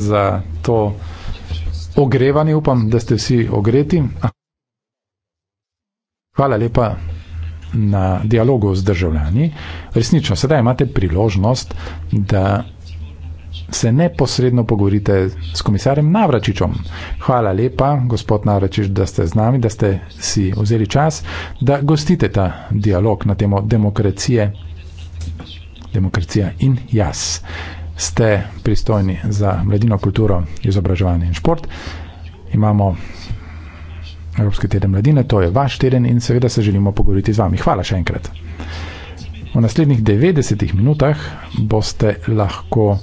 za to ogrevanje. Upam, da ste vsi ogreti. Hvala lepa na dialogu z državljani. Resnično, sedaj imate priložnost, da se neposredno pogovorite s komisarjem Navračičom. Hvala lepa, gospod Navračič, da ste z nami, da ste si vzeli čas, da gostite ta dialog na temo demokracije, demokracija in jaz ste pristojni za mladino kulturo, izobraževanje in šport. Imamo Evropski teden mladine, to je vaš teden in seveda se želimo pogovoriti z vami. Hvala še enkrat. V naslednjih 90 minutah boste lahko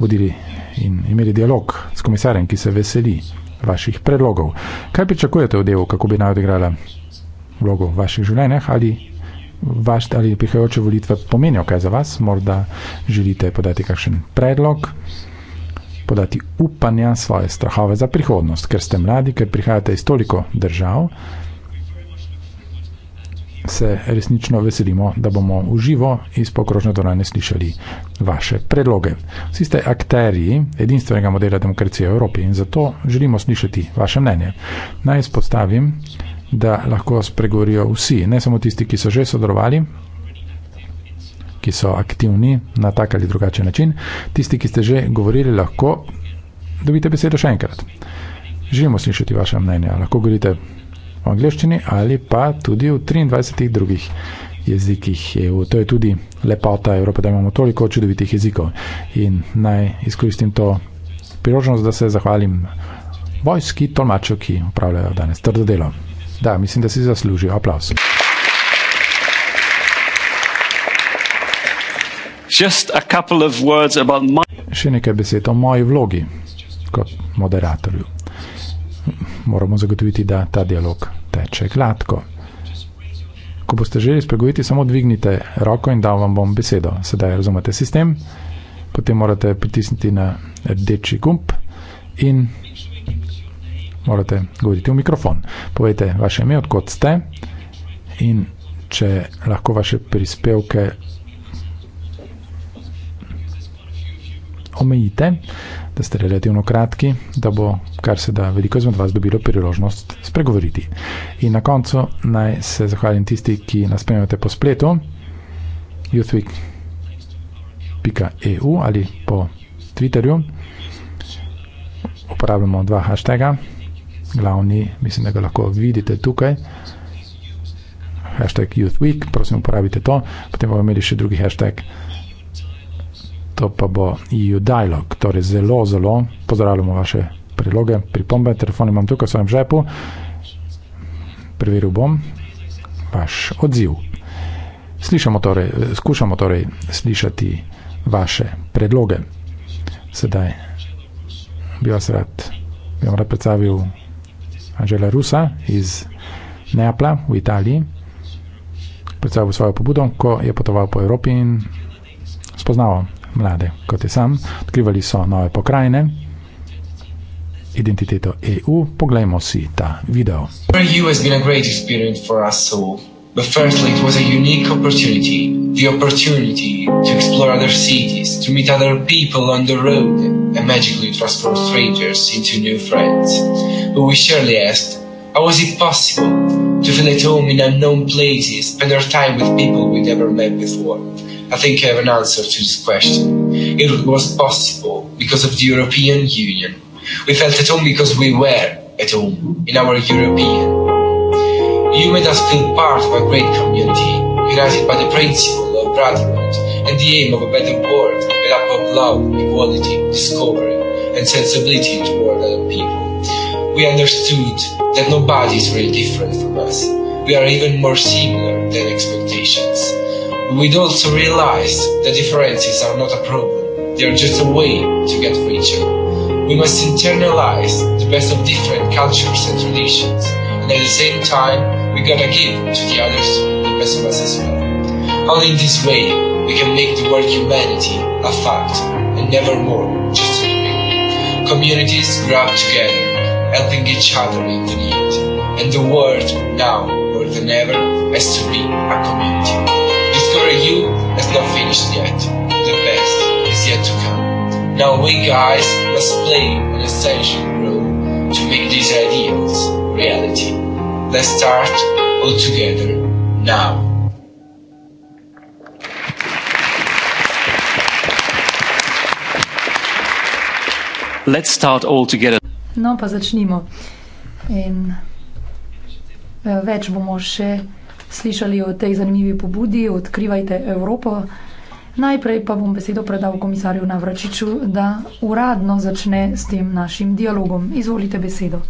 vodili in imeli dialog s komisarjem, ki se veseli vaših predlogov. Kaj pričakujete od EU, kako bi naj odigrala vlogo v vaših življenjah ali vaš ali prihajajoče volitve pomenijo kaj za vas, morda želite podati kakšen predlog, podati upanja, svoje strahove za prihodnost, ker ste mladi, ker prihajate iz toliko držav, se resnično veselimo, da bomo v živo iz pokrožne dvorane slišali vaše predloge. Vsi ste akterji edinstvenega modela demokracije v Evropi in zato želimo slišati vaše mnenje. Naj izpostavim, da lahko spregovorijo vsi, ne samo tisti, ki so že sodelovali, ki so aktivni na tak ali drugačen način. Tisti, ki ste že govorili, lahko dobite besedo še enkrat. Želimo slišati vaše mnenje. Lahko govorite v angleščini ali pa tudi v 23 drugih jezikih EU. To je tudi lepota Evrope, da imamo toliko čudovitih jezikov. In naj izkoristim to priložnost, da se zahvalim vojski tolmačev, ki upravljajo danes trdo delo. Da, mislim, da si zasluži aplaus. My... Še nekaj besed o moji vlogi kot moderatorju. Moramo zagotoviti, da ta dialog teče gladko. Ko boste želeli spregovoriti, samo dvignite roko in dal vam bom besedo. Sedaj razumete sistem, potem morate pritisniti na rdeči gumb in morate govoriti v mikrofon. Povejte vaše ime, odkot ste in če lahko vaše prispevke omejite, da ste relativno kratki, da bo kar se da veliko izmed vas dobilo priložnost spregovoriti. In na koncu naj se zahvalim tisti, ki nas spremljate po spletu youthweek.eu ali po Twitterju. Uporabljamo dva hashtaga, glavni, mislim, da ga lahko vidite tukaj. Hashtag Youth Week, prosim, uporabite to, potem bomo imeli še drugi hashtag. To pa bo EU Dialogue, torej zelo, zelo pozdravljamo vaše priloge, pripombe, telefon imam tukaj v svojem žepu, preveril bom vaš odziv. Slišamo torej, skušamo torej slišati vaše predloge. Sedaj bi vas rad, bi vam rad predstavil Anžela Rusa iz Neapla v Italiji, predstavil svojo pobudo, ko je potoval po Evropi in spoznal mlade, kot je sam. Odkrivali so nove pokrajine, identiteto EU. Poglejmo si ta video. But firstly, it was a unique opportunity. The opportunity to explore other cities, to meet other people on the road, and magically transform strangers into new friends. But we surely asked, how was it possible to feel at home in unknown places, spend our time with people we never met before? I think I have an answer to this question. It was possible because of the European Union. We felt at home because we were at home in our European. You made us feel part of a great community, united by the principle of brotherhood and the aim of a better world made up of love, equality, discovery, and sensibility toward other people. We understood that nobody is really different from us. We are even more similar than expectations. We'd also realized that differences are not a problem, they are just a way to get richer. We must internalize the best of different cultures and traditions, and at the same time, we gotta give to the others the best of us as well. Only in this way we can make the word humanity a fact and never more just a dream. Communities grow up together, helping each other in the need. And the world now more than ever has to be a community. Discover you has not finished yet. The best is yet to come. Now we guys must play an essential role to make these ideas reality. Let's start all together now. let's start all together. No, pa začnimo. In eh, več bomo še slišali o tej zanimivi pobudi, odkrivajte Evropo. Najprej pa bom besedo predal komisarju Navračiču, da uradno začne s tem našim dialogom. Izvolite besedo.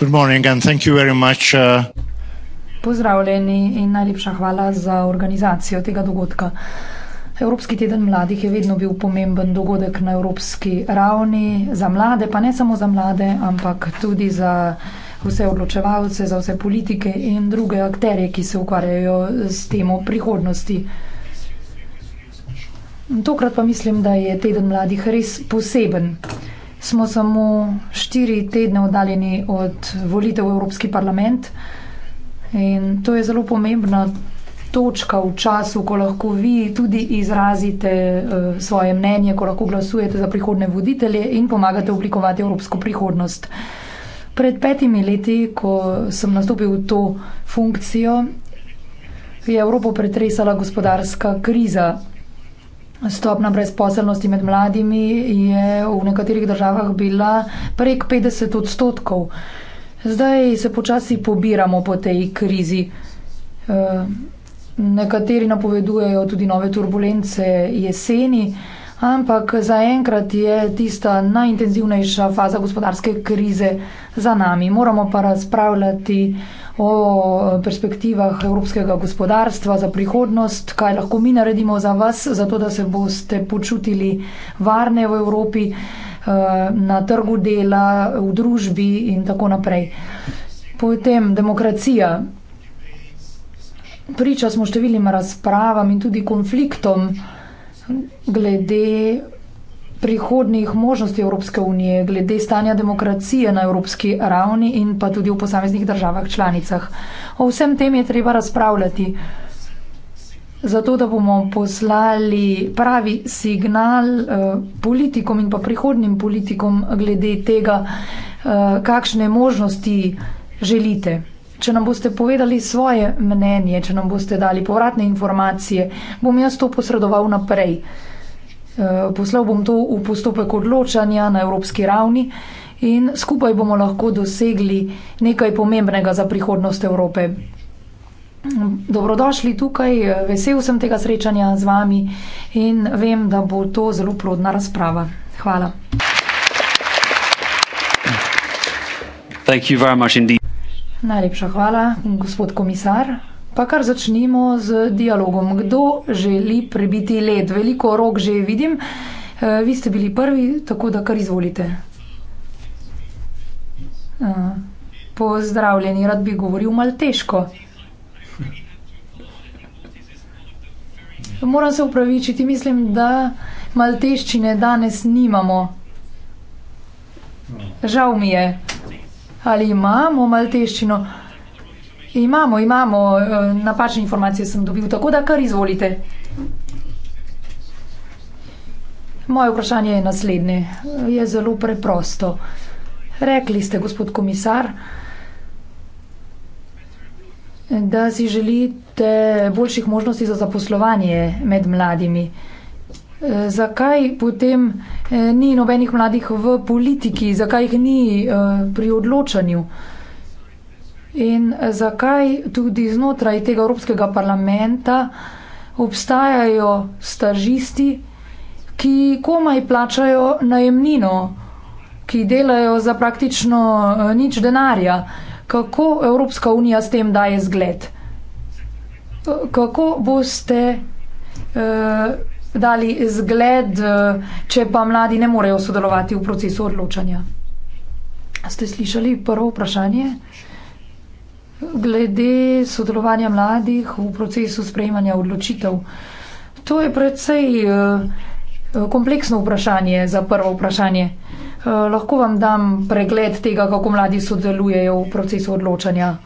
Uh, Pozdravljeni in najlepša hvala za organizacijo tega dogodka. Evropski teden mladih je vedno bil pomemben dogodek na evropski ravni za mlade, pa ne samo za mlade, ampak tudi za vse odločevalce, za vse politike in druge akterje, ki se ukvarjajo s temo prihodnosti. Tokrat pa mislim, da je teden mladih res poseben. Smo samo štiri tedne oddaljeni od volitev v Evropski parlament in to je zelo pomembna točka v času, ko lahko vi tudi izrazite eh, svoje mnenje, ko lahko glasujete za prihodne voditelje in pomagate oblikovati evropsko prihodnost. Pred petimi leti, ko sem nastopil v to funkcijo, je Evropo pretresala gospodarska kriza. Stopna brezposelnosti med mladimi je v nekaterih državah bila prek 50 odstotkov. Zdaj se počasi pobiramo po tej krizi. Eh, Nekateri napovedujejo tudi nove turbulence jeseni, ampak zaenkrat je tista najintenzivnejša faza gospodarske krize za nami. Moramo pa razpravljati o perspektivah evropskega gospodarstva za prihodnost, kaj lahko mi naredimo za vas, zato da se boste počutili varne v Evropi, eh, na trgu dela, v družbi in tako naprej. Potem demokracija priča smo številnim razpravam in tudi konfliktom glede prihodnih možnosti Evropske unije, glede stanja demokracije na evropski ravni in pa tudi v posameznih državah članicah. O vsem tem je treba razpravljati, zato da bomo poslali pravi signal eh, politikom in pa prihodnim politikom glede tega, eh, kakšne možnosti želite če nam boste povedali svoje mnenje, če nam boste dali povratne informacije, bom jaz to posredoval naprej. Eh, poslal bom to v postopek odločanja na evropski ravni in skupaj bomo lahko dosegli nekaj pomembnega za prihodnost Evrope. Dobrodošli tukaj, eh, vesel sem tega srečanja z vami in vem, da bo to zelo plodna razprava. Hvala. Thank you very much indeed. Najlepša hvala, gospod komisar. Pa kar začnimo z dialogom. Kdo želi prebiti led? Veliko rok že vidim. Eh, vi ste bili prvi, tako da kar izvolite. Eh, pozdravljeni, rad bi govoril malteško. Moram se upravičiti, mislim, da malteščine danes nimamo. Žal mi je. Ali imamo malteščino? Imamo, imamo, eh, napačne informacije sem dobil, tako da kar izvolite. Moje vprašanje je naslednje. Je zelo preprosto. Rekli ste, gospod komisar, da si želite boljših možnosti za zaposlovanje med mladimi. Eh, zakaj potem eh, ni nobenih mladih v politiki, zakaj jih ni eh, pri odločanju in zakaj tudi znotraj tega Evropskega parlamenta obstajajo stažisti, ki komaj plačajo najemnino, ki delajo za praktično nič denarja. Kako Evropska unija s tem daje zgled? Kako boste eh, dali zgled, eh, če pa mladi ne morejo sodelovati v procesu odločanja. Ste slišali prvo vprašanje? Glede sodelovanja mladih v procesu sprejemanja odločitev. To je predvsej eh, kompleksno vprašanje za prvo vprašanje. Eh, lahko vam dam pregled tega, kako mladi sodelujejo v procesu odločanja.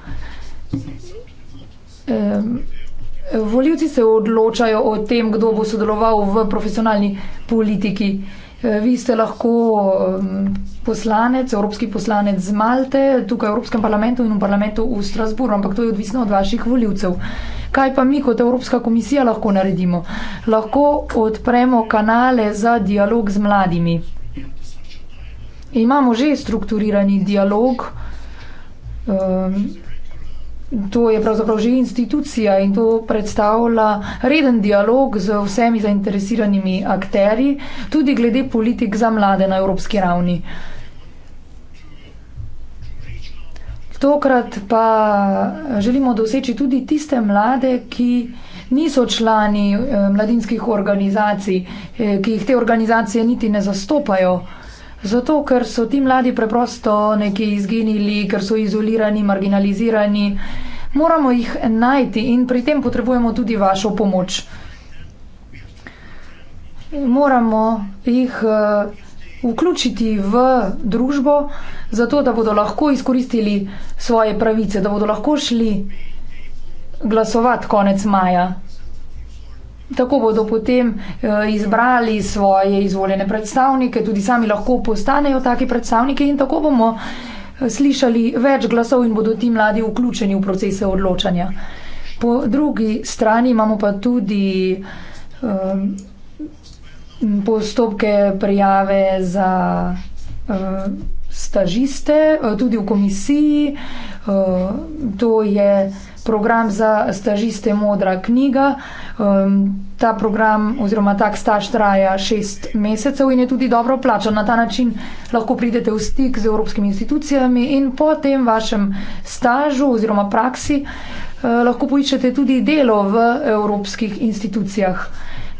Voljivci se odločajo o tem, kdo bo sodeloval v profesionalni politiki. E, vi ste lahko poslanec, evropski poslanec z Malte, tukaj v Evropskem parlamentu in v parlamentu v Strasburu, ampak to je odvisno od vaših voljivcev. Kaj pa mi kot Evropska komisija lahko naredimo? Lahko odpremo kanale za dialog z mladimi. Imamo že strukturirani dialog. Um, to je pravzaprav že institucija in to predstavlja reden dialog z vsemi zainteresiranimi akteri, tudi glede politik za mlade na evropski ravni. Tokrat pa želimo doseči tudi tiste mlade, ki niso člani eh, mladinskih organizacij, eh, ki jih te organizacije niti ne zastopajo. Zato, ker so ti mladi preprosto neki izginili, ker so izolirani, marginalizirani. Moramo jih najti in pri tem potrebujemo tudi vašo pomoč. Moramo jih eh, vključiti v družbo, zato da bodo lahko izkoristili svoje pravice, da bodo lahko šli glasovati konec maja. Tako bodo potem eh, izbrali svoje izvoljene predstavnike, tudi sami lahko postanejo taki predstavniki in tako bomo eh, slišali več glasov in bodo ti mladi vključeni v procese odločanja. Po drugi strani imamo pa tudi um, postopke prijave za um, stažiste, tudi v komisiji. Um, to je program za stažiste Modra knjiga. Um, ta program oziroma tak staž traja šest mesecev in je tudi dobro plačan. Na ta način lahko pridete v stik z evropskimi institucijami in po tem vašem stažu oziroma praksi uh, lahko poiščete tudi delo v evropskih institucijah.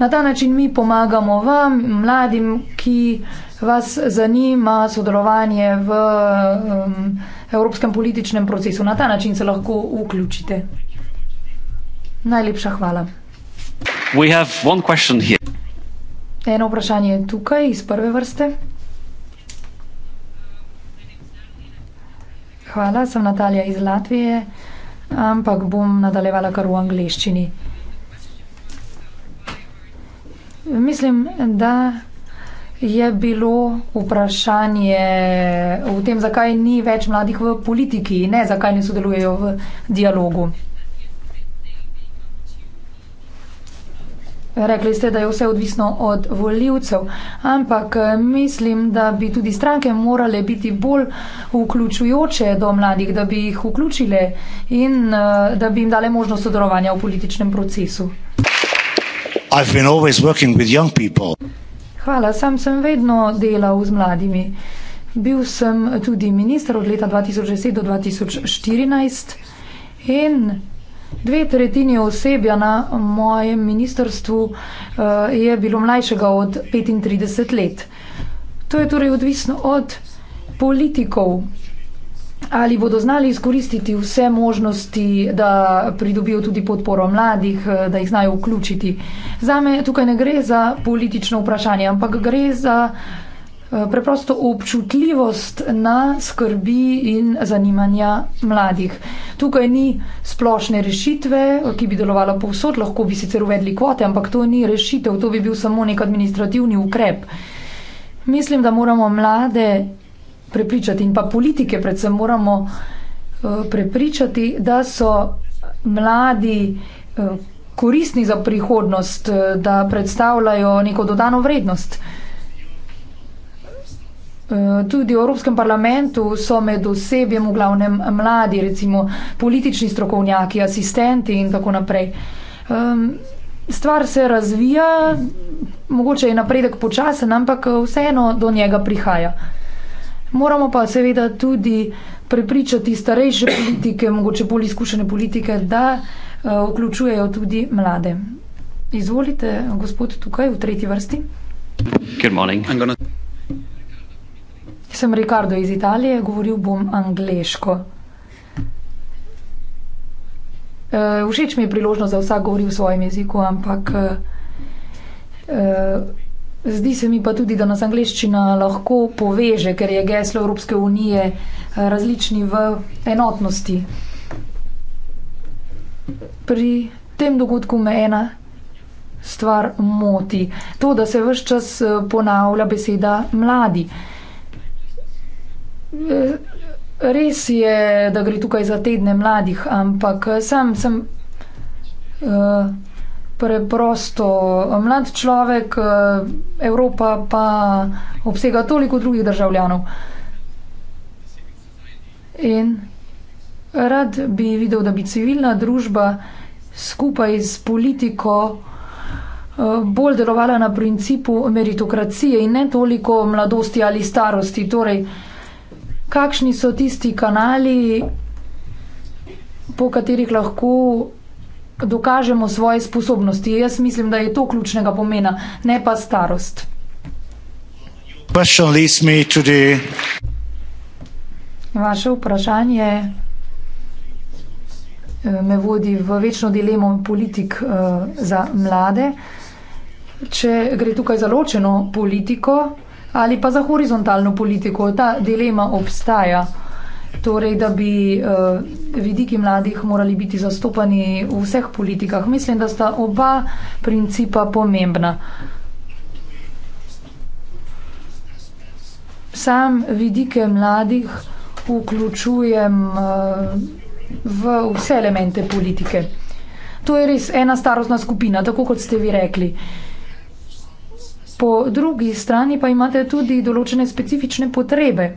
Na ta način mi pomagamo vam, mladim, ki vas zanima sodelovanje v um, evropskem političnem procesu. Na ta način se lahko vključite. Najlepša hvala. Eno vprašanje je tukaj iz prve vrste. Hvala, sem Natalija iz Latvije, ampak bom nadaljevala kar v angliščini. Mislim, da je bilo vprašanje o tem, zakaj ni več mladih v politiki, ne zakaj ne sodelujejo v dialogu. Rekli ste, da je vse odvisno od voljivcev, ampak mislim, da bi tudi stranke morale biti bolj vključujoče do mladih, da bi jih vključile in da bi jim dale možnost sodelovanja v političnem procesu. I've been always working with young people. Hvala, sam sem vedno delal z mladimi. Bil sem tudi minister od leta 2010 do 2014 in dve tretjini osebja na mojem ministrstvu eh, je bilo mlajšega od 35 let. To je torej odvisno od politikov, Ali bodo znali izkoristiti vse možnosti, da pridobijo tudi podporo mladih, eh, da jih znajo vključiti? Za me tukaj ne gre za politično vprašanje, ampak gre za eh, preprosto občutljivost na skrbi in zanimanja mladih. Tukaj ni splošne rešitve, ki bi delovala povsod, lahko bi sicer uvedli kvote, ampak to ni rešitev, to bi bil samo nek administrativni ukrep. Mislim, da moramo mlade prepričati. In pa politike, predvsem moramo eh, prepričati, da so mladi eh, koristni za prihodnost, eh, da predstavljajo neko dodano vrednost. Tudi v Evropskem parlamentu so med osebjem v glavnem mladi, recimo politični strokovnjaki, asistenti in tako naprej. Ehm, stvar se razvija, mogoče je napredek počasen, ampak vseeno do njega prihaja. Moramo pa seveda tudi prepričati starejše politike, mogoče bolj izkušene politike, da eh, vključujejo tudi mlade. Izvolite, gospod tukaj v tretji vrsti. Gonna... Sem Ricardo iz Italije, govoril bom angliško. Uh, eh, všeč mi je priložnost, da vsak govori v svojem jeziku, ampak uh, Zdi se mi pa tudi, da nas angliščina lahko poveže, ker je geslo Evropske unije eh, različni v enotnosti. Pri tem dogodku me ena stvar moti. To, da se vse čas eh, ponavlja beseda mladi. Eh, res je, da gre tukaj za tedne mladih, ampak sam sem. Uh, preprosto mlad človek, eh, Evropa pa obsega toliko drugih državljanov. In rad bi videl, da bi civilna družba skupaj s politiko eh, bolj delovala na principu meritokracije in ne toliko mladosti ali starosti. Torej, kakšni so tisti kanali, po katerih lahko dokažemo svoje sposobnosti. Jaz mislim, da je to ključnega pomena, ne pa starost. Vaše vprašanje eh, me vodi v večno dilemo politik eh, za mlade. Če gre tukaj za ločeno politiko ali pa za horizontalno politiko, ta dilema obstaja torej, da bi uh, vidiki mladih morali biti zastopani v vseh politikah. Mislim, da sta oba principa pomembna. Sam vidike mladih vključujem uh, v vse elemente politike. To je res ena starostna skupina, tako kot ste vi rekli. Po drugi strani pa imate tudi določene specifične potrebe.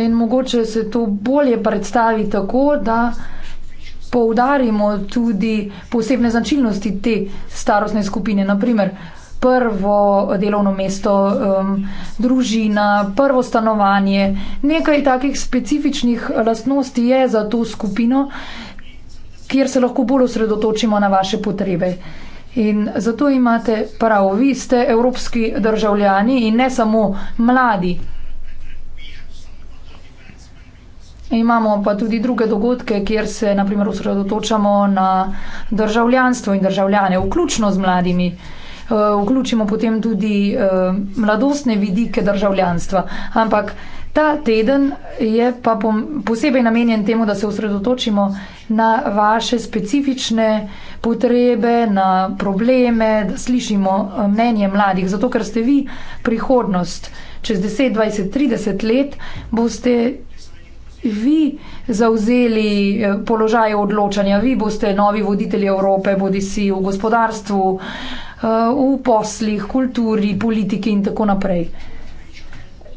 In mogoče se to bolje predstavi tako, da poudarimo tudi posebne značilnosti te starostne skupine. Naprimer, prvo delovno mesto, um, družina, prvo stanovanje. Nekaj takih specifičnih lastnosti je za to skupino, kjer se lahko bolj osredotočimo na vaše potrebe. In zato imate prav, vi ste evropski državljani in ne samo mladi. Imamo pa tudi druge dogodke, kjer se naprimer osredotočamo na državljanstvo in državljane, vključno z mladimi. Eh, vključimo potem tudi eh, mladostne vidike državljanstva. Ampak ta teden je pa posebej namenjen temu, da se osredotočimo na vaše specifične potrebe, na probleme, da slišimo eh, mnenje mladih, zato ker ste vi prihodnost. Čez 10, 20, 30 let boste vi zavzeli eh, položaj odločanja, vi boste novi voditelji Evrope, bodi si v gospodarstvu, eh, v poslih, kulturi, politiki in tako naprej.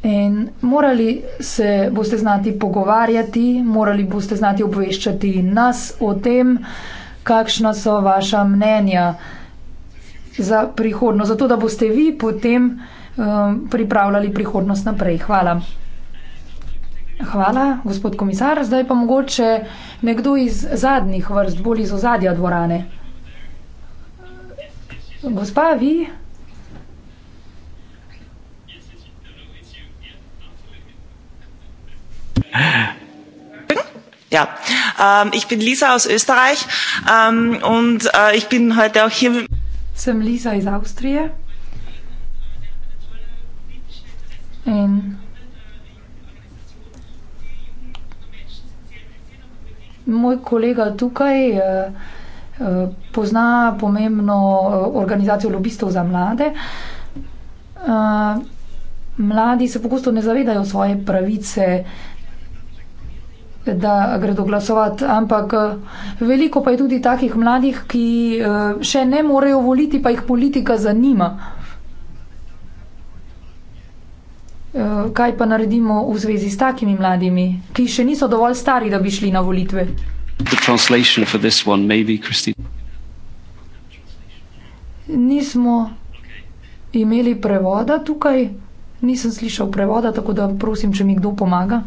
In morali se boste znati pogovarjati, morali boste znati obveščati nas o tem, kakšna so vaša mnenja za prihodnost, zato da boste vi potem um, pripravljali prihodnost naprej. Hvala. Hvala, gospod komisar. Zdaj pa mogoče nekdo iz zadnjih vrst, bolj iz ozadja dvorane. Gospa, vi? Ja, um, ich bin Lisa aus Österreich um, und uh, ich bin heute auch hier. Sem Lisa iz Avstrije. In moj kolega tukaj eh, eh, pozna pomembno eh, organizacijo lobistov za mlade. Mladi se pogosto ne zavedajo svoje pravice, da gredo glasovati, ampak veliko pa je tudi takih mladih, ki še ne morejo voliti, pa jih politika zanima. Eh, kaj pa naredimo v zvezi s takimi mladimi, ki še niso dovolj stari, da bi šli na volitve? One, maybe, Nismo imeli prevoda tukaj, nisem slišal prevoda, tako da prosim, če mi kdo pomaga.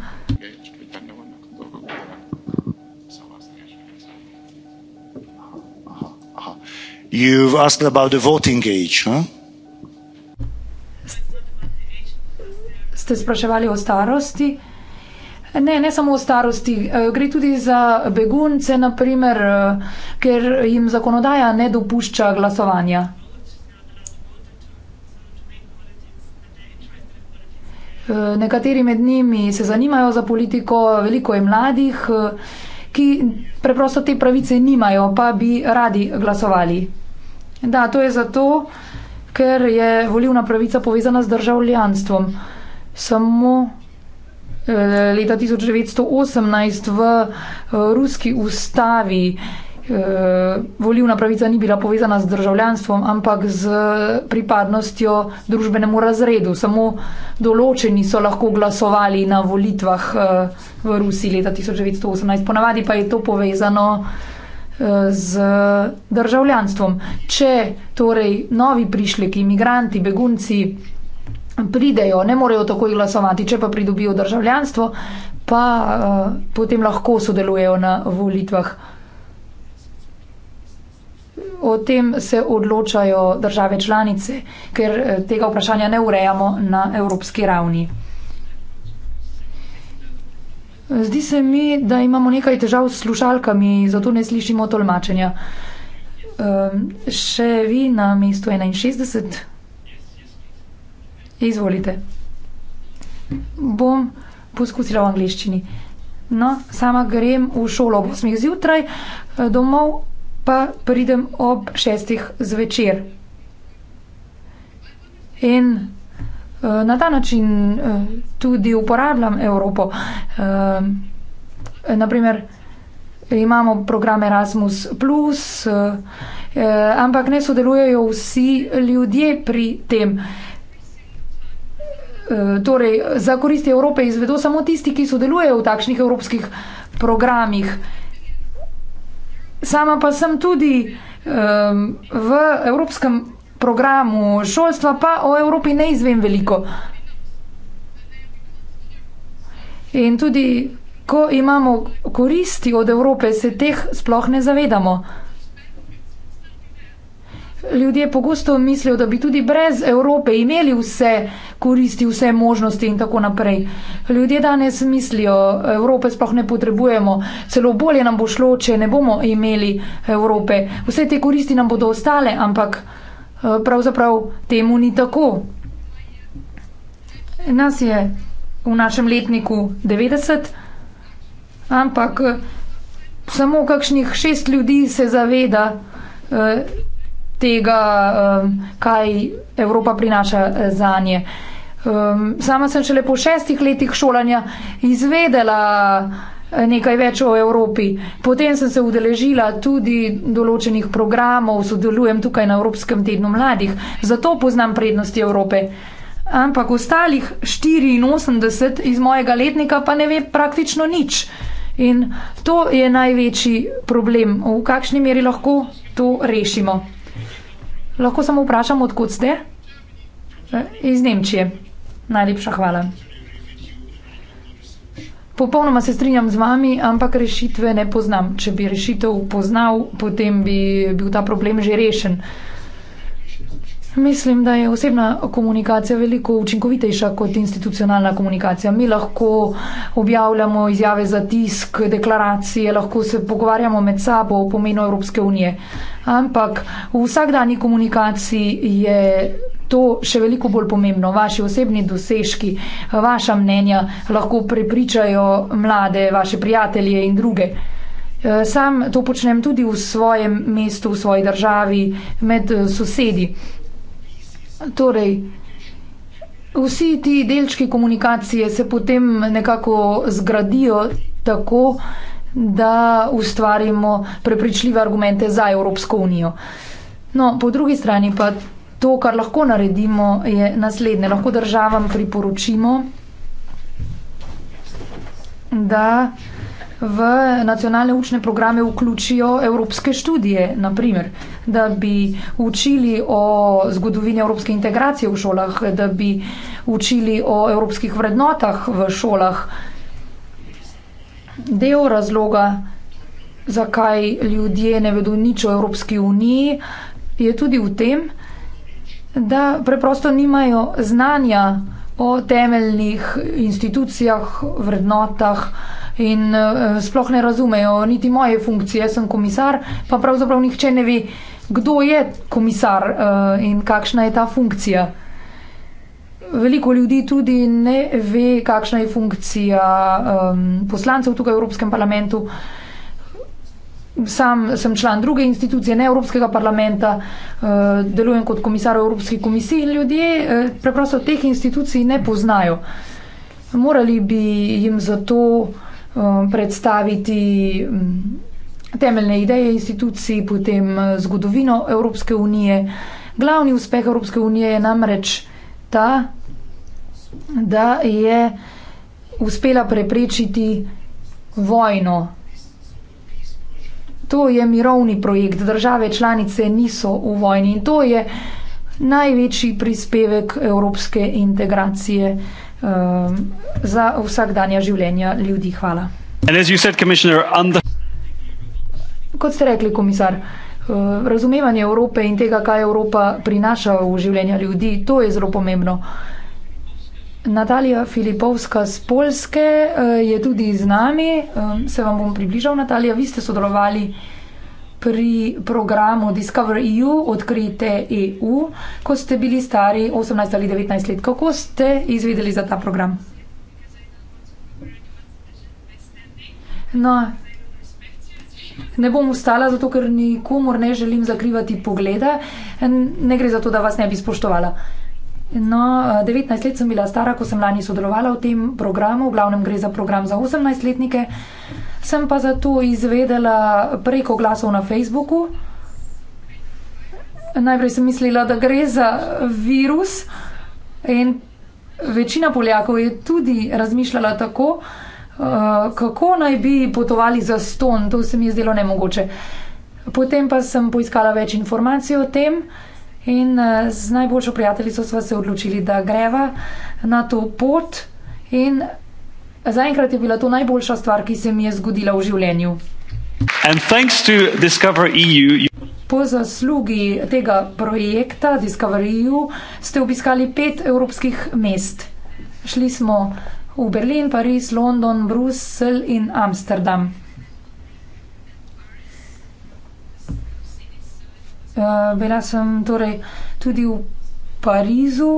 You've asked about the voting age, huh? ste spraševali o starosti. Ne, ne samo o starosti, eh, gre tudi za begunce, naprimer, eh, ker jim zakonodaja ne dopušča glasovanja. Eh, nekateri med njimi se zanimajo za politiko, veliko je mladih, ki preprosto te pravice nimajo, pa bi radi glasovali. Da, to je zato, ker je volivna pravica povezana z državljanstvom samo eh, leta 1918 v eh, ruski ustavi eh, volivna pravica ni bila povezana z državljanstvom, ampak z pripadnostjo družbenemu razredu. Samo določeni so lahko glasovali na volitvah v Rusiji leta 1918. Ponavadi pa je to povezano z državljanstvom. Če torej novi prišleki, imigranti, begunci pridejo, ne morejo takoj glasovati, če pa pridobijo državljanstvo, pa uh, potem lahko sodelujejo na volitvah. O tem se odločajo države članice, ker eh, tega vprašanja ne urejamo na evropski ravni. Zdi se mi, da imamo nekaj težav s slušalkami, zato ne slišimo tolmačenja. Um, še vi na mestu 61. Izvolite. Bom poskusila v angliščini. No, sama grem v šolo ob 8 zjutraj, domov pa pridem ob 6 zvečer. In eh, na ta način eh, tudi uporabljam Evropo. Eh, Naprimer, imamo program Erasmus, ampak ne sodelujejo vsi ljudje pri tem. Eh, torej, za koristi Evrope izvedo samo tisti, ki sodelujejo v takšnih evropskih programih. Sama pa sem tudi um, v evropskem programu šolstva, pa o Evropi ne izvem veliko. In tudi, ko imamo koristi od Evrope, se teh sploh ne zavedamo. Ljudje pogosto mislijo, da bi tudi brez Evrope imeli vse koristi, vse možnosti in tako naprej. Ljudje danes mislijo, Evrope sploh ne potrebujemo, celo bolje nam bo šlo, če ne bomo imeli Evrope. Vse te koristi nam bodo ostale, ampak eh, pravzaprav temu ni tako. Nas je v našem letniku 90, ampak eh, samo kakšnih šest ljudi se zaveda. Eh, tega, um, kaj Evropa prinaša eh, za nje. Um, sama sem šele po šestih letih šolanja izvedela eh, nekaj več o Evropi. Potem sem se udeležila tudi določenih programov, sodelujem tukaj na Evropskem tednu mladih, zato poznam prednosti Evrope. Ampak ostalih 84 iz mojega letnika pa ne ve praktično nič. In to je največji problem, v kakšni meri lahko to rešimo. Lahko samo vprašam, odkud ste? E, iz Nemčije. Najlepša hvala. Popolnoma se strinjam z vami, ampak rešitve ne poznam. Če bi rešitev poznal, potem bi bil ta problem že rešen. Uh, Mislim, da je osebna komunikacija veliko učinkovitejša kot institucionalna komunikacija. Mi lahko objavljamo izjave za tisk, deklaracije, lahko se pogovarjamo med sabo o pomenu Evropske unije. Ampak v vsakdani komunikaciji je to še veliko bolj pomembno. Vaši osebni dosežki, vaša mnenja lahko prepričajo mlade, vaše prijatelje in druge. Sam to počnem tudi v svojem mestu, v svoji državi, med sosedi. Torej, vsi ti delčki komunikacije se potem nekako zgradijo tako, da ustvarimo prepričljive argumente za Evropsko unijo. No, po drugi strani pa to, kar lahko naredimo, je naslednje. Lahko državam priporočimo, da v nacionalne učne programe vključijo evropske študije, naprimer, da bi učili o zgodovini evropske integracije v šolah, da bi učili o evropskih vrednotah v šolah. Del razloga, zakaj ljudje ne vedo nič o Evropski uniji, je tudi v tem, da preprosto nimajo znanja o temeljnih institucijah, vrednotah, in uh, sploh ne razumejo niti moje funkcije, sem komisar, pa pravzaprav nihče ne ve, kdo je komisar uh, in kakšna je ta funkcija. Veliko ljudi tudi ne ve, kakšna je funkcija um, poslancev tukaj v Evropskem parlamentu. Sam sem član druge institucije, ne Evropskega parlamenta, uh, delujem kot komisar v Evropski komisiji in ljudje uh, preprosto teh institucij ne poznajo. Morali bi jim zato uh, Um, predstaviti um, temeljne ideje instituciji, potem uh, zgodovino Evropske unije. Glavni uspeh Evropske unije je namreč ta, da je uspela preprečiti vojno. To je mirovni projekt. Države članice niso v vojni in to je največji prispevek evropske integracije um, za vsakdanja življenja ljudi. Hvala. Said, under... Kot ste rekli, komisar, eh, razumevanje Evrope in tega, kaj Evropa prinaša v življenja ljudi, to je zelo pomembno. Natalija Filipovska z Polske eh, je tudi z nami. Ehm, se vam bom približal, Natalija, vi ste sodelovali pri programu Discover EU, odkrite EU, ko ste bili stari 18 ali 19 let. Kako ste izvedeli za ta program? No, ne bom ustala, zato ker nikomor ne želim zakrivati pogleda. Ne gre za to, da vas ne bi spoštovala. No, 19 let sem bila stara, ko sem lani sodelovala v tem programu. V glavnem gre za program za 18-letnike sem pa zato izvedela preko glasov na Facebooku. Najprej sem mislila, da gre za virus in večina Poljakov je tudi razmišljala tako, eh, kako naj bi potovali za ston, to se mi je zdelo nemogoče. Potem pa sem poiskala več informacij o tem in eh, z najboljšo prijateljico sva se odločili, da greva na to pot in Zaenkrat je bila to najboljša stvar, ki se mi je zgodila v življenju. EU, e you... Po zaslugi tega projekta Discover EU ste obiskali pet evropskih mest. Šli smo v Berlin, Pariz, London, Bruselj in Amsterdam. Uh, bila sem torej tudi v Parizu.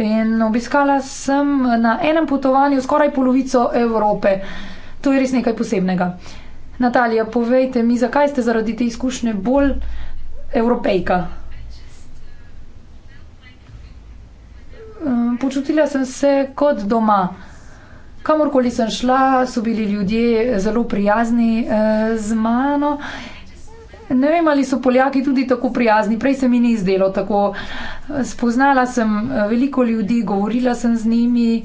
In obiskala sem na enem potovanju skoraj polovico Evrope. To je res nekaj posebnega. Natalija, povejte mi, zakaj ste zaradi te izkušnje bolj evropejka? Ehm, počutila sem se kot doma. Kamorkoli sem šla, so bili ljudje zelo prijazni eh, z mano Ne vem, ali so Poljaki tudi tako prijazni, prej se mi ni zdelo tako. Spoznala sem eh, veliko ljudi, govorila sem z njimi,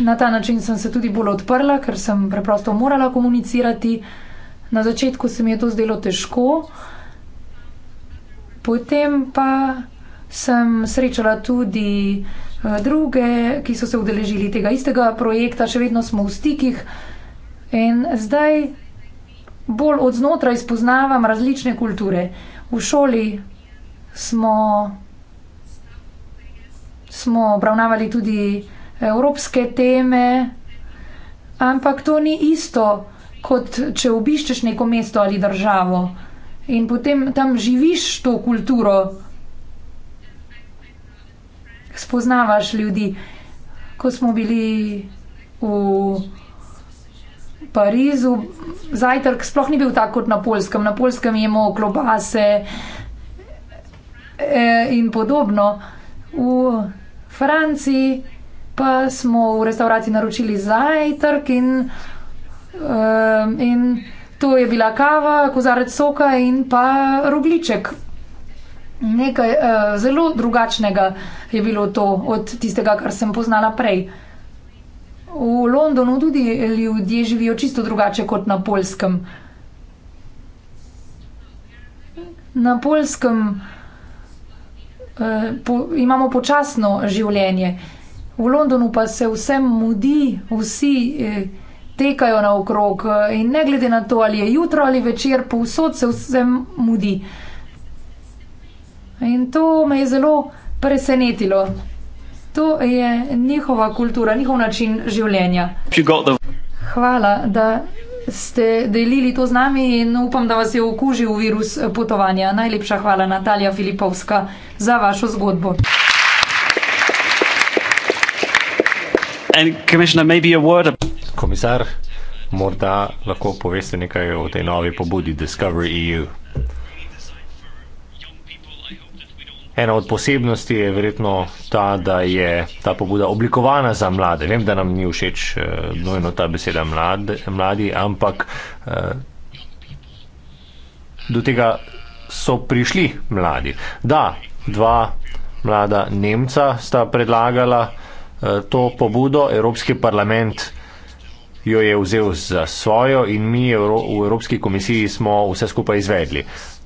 na ta način sem se tudi bolj odprla, ker sem preprosto morala komunicirati. Na začetku se mi je to zdelo težko, potem pa sem srečala tudi eh, druge, ki so se udeležili tega istega projekta, še vedno smo v stikih in zdaj bolj od znotraj spoznavam različne kulture. V šoli smo, smo obravnavali tudi evropske teme, ampak to ni isto, kot če obiščeš neko mesto ali državo in potem tam živiš to kulturo, spoznavaš ljudi. Ko smo bili v Parizu zajtrk sploh ni bil tak kot na polskem. Na polskem jemo klobase e, in podobno. V Franciji pa smo v restauraciji naročili zajtrk in, in to je bila kava, kozarec soka in pa rogliček. Nekaj e, zelo drugačnega je bilo to od tistega, kar sem poznala prej. V Londonu tudi ljudje živijo čisto drugače kot na polskem. Na polskem eh, po, imamo počasno življenje, v Londonu pa se vse mudi, vsi eh, tekajo naokrog eh, in ne glede na to, ali je jutro ali večer, povsod se vse mudi. In to me je zelo presenetilo. To je njihova kultura, njihov način življenja. Hvala, da ste delili to z nami in upam, da vas je okužil virus potovanja. Najlepša hvala, Natalija Filipovska, za vašo zgodbo. Komisar, morda lahko poveste nekaj o tej novi pobudi Discovery EU. Ena od posebnosti je verjetno ta, da je ta pobuda oblikovana za mlade. Vem, da nam ni všeč eh, nojno ta beseda mlad, mladi, ampak eh, do tega so prišli mladi. Da, dva mlada Nemca sta predlagala eh, to pobudo, Evropski parlament jo je vzel za svojo in mi v Evropski komisiji smo vse skupaj izvedli.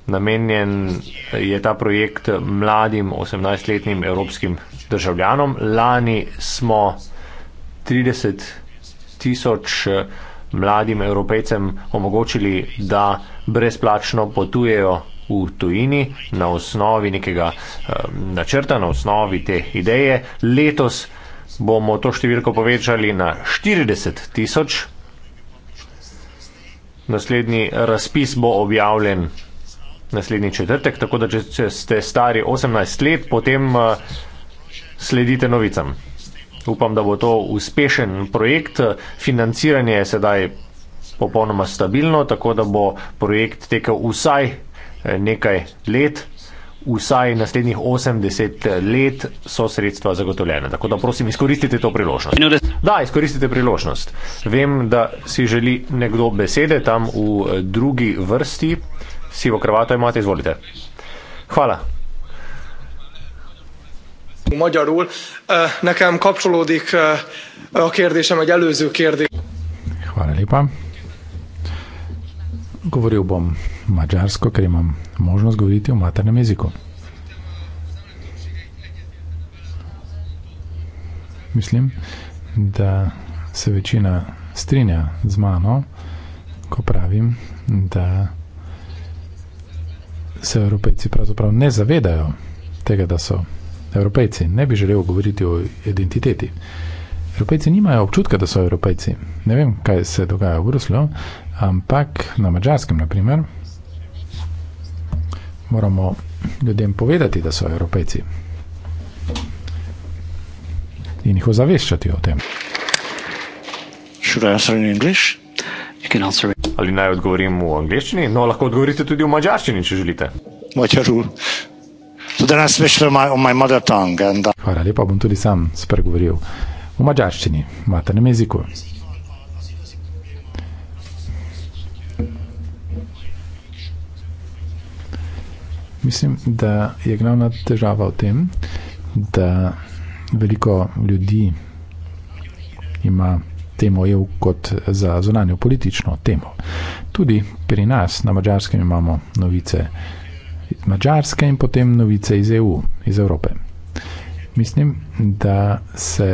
Namenjen je ta projekt mladim 18-letnim evropskim državljanom. Lani smo 30 tisoč eh, mladim evropejcem omogočili, da brezplačno potujejo v tujini na osnovi nekega eh, načrta, na osnovi te ideje. Letos bomo to številko povečali na 40 tisoč. Naslednji razpis bo objavljen naslednji četrtek, tako da če, če ste stari 18 let, potem eh, sledite novicam. Upam, da bo to uspešen projekt. Financiranje je sedaj popolnoma stabilno, tako da bo projekt tekel vsaj eh, nekaj let, vsaj naslednjih 80 eh, let so sredstva zagotovljena. Tako da prosim, izkoristite to priložnost. Da, izkoristite priložnost. Vem, da si želi nekdo besede tam v drugi vrsti sivo krvato imate, izvolite. Hvala. Magyarul. Nekem kapcsolódik a kérdésem, egy előző kérdés. Hvala lepa. Govoril bom mađarsko, ker imam možnost govoriti v maternem jeziku. Mislim, da se večina strinja z mano, ko pravim, da se Evropejci pravzaprav ne zavedajo tega, da so Evropejci. Ne bi želel govoriti o identiteti. Evropejci nimajo občutka, da so Evropejci. Ne vem, kaj se dogaja v Bruslju, ampak na Mačarskem, naprimer, moramo ljudem povedati, da so Evropejci. In jih ozaveščati o tem. Should I answer in English? Ali naj odgovorim v angleščini? No, lahko odgovorite tudi v mačarščini, če želite. Uh, Hvala lepa, bom tudi sam spregovoril v mačarščini, maternem jeziku. Mislim, da je glavna težava v tem, da veliko ljudi ima temo EU kot za zunanjo politično temo. Tudi pri nas na Mačarskem imamo novice iz Mačarske in potem novice iz EU, iz Evrope. Mislim, da se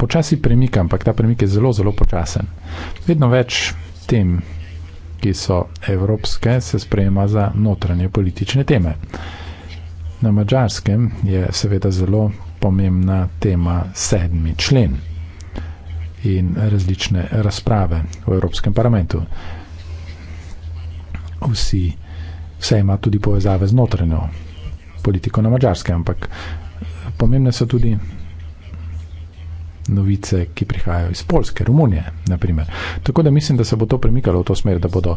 počasi premikam, ampak ta premik je zelo, zelo počasen. Vedno več tem, ki so evropske, se sprejema za notranje politične teme. Na Mačarskem je seveda zelo pomembna tema sedmi člen in različne razprave v Evropskem parlamentu. Vsi, vse ima tudi povezave z notranjo politiko na mačarske, ampak pomembne so tudi novice, ki prihajajo iz Polske, Romunije, naprimer. Tako da mislim, da se bo to premikalo v to smer, da bodo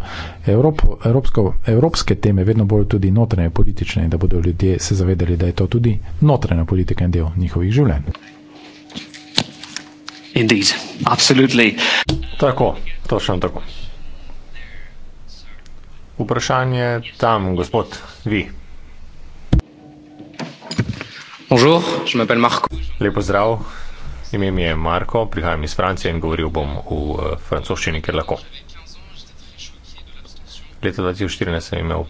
Evropo, evropsko, evropske teme vedno bolj tudi notranje politične in da bodo ljudje se zavedali, da je to tudi notranja politika in del njihovih življenj. Indeed, absolutely. Tako, točno tako. Vprašanje tam, gospod, vi. Bonjour, je m'appelle Marko. Lepo zdrav, ime mi je Marko, prihajam iz Francije in govoril bom v eh, francoščini, ker lahko. Leta 2014 sem imel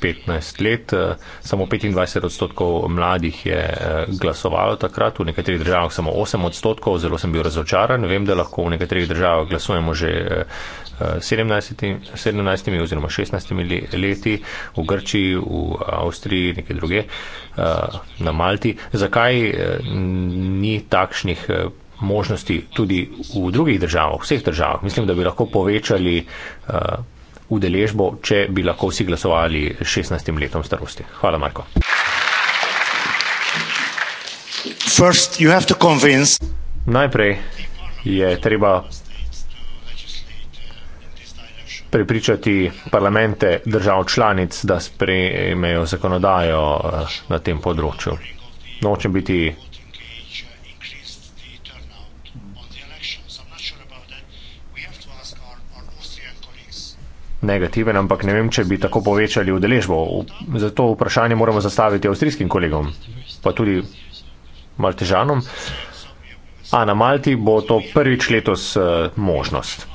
15 let. Eh, samo 25 odstotkov mladih je eh, glasovalo takrat, v nekaterih državah samo 8 odstotkov, zelo sem bil razočaran. Vem, da lahko v nekaterih državah glasujemo že 17, eh, 17 oziroma 16 leti, v Grčiji, v Avstriji, nekaj druge, na Malti. Zakaj ni takšnih možnosti tudi v drugih državah, v vseh državah? Mislim, da bi lahko povečali udeležbo, če bi lahko vsi glasovali 16 letom starosti. Hvala, Marko. First, Najprej je treba prepričati parlamente držav članic, da sprejmejo zakonodajo eh, na tem področju. Nočem biti negativen, ampak ne vem, če bi tako povečali udeležbo. Zato vprašanje moramo zastaviti avstrijskim kolegom, pa tudi maltežanom. A na Malti bo to prvič letos eh, možnost.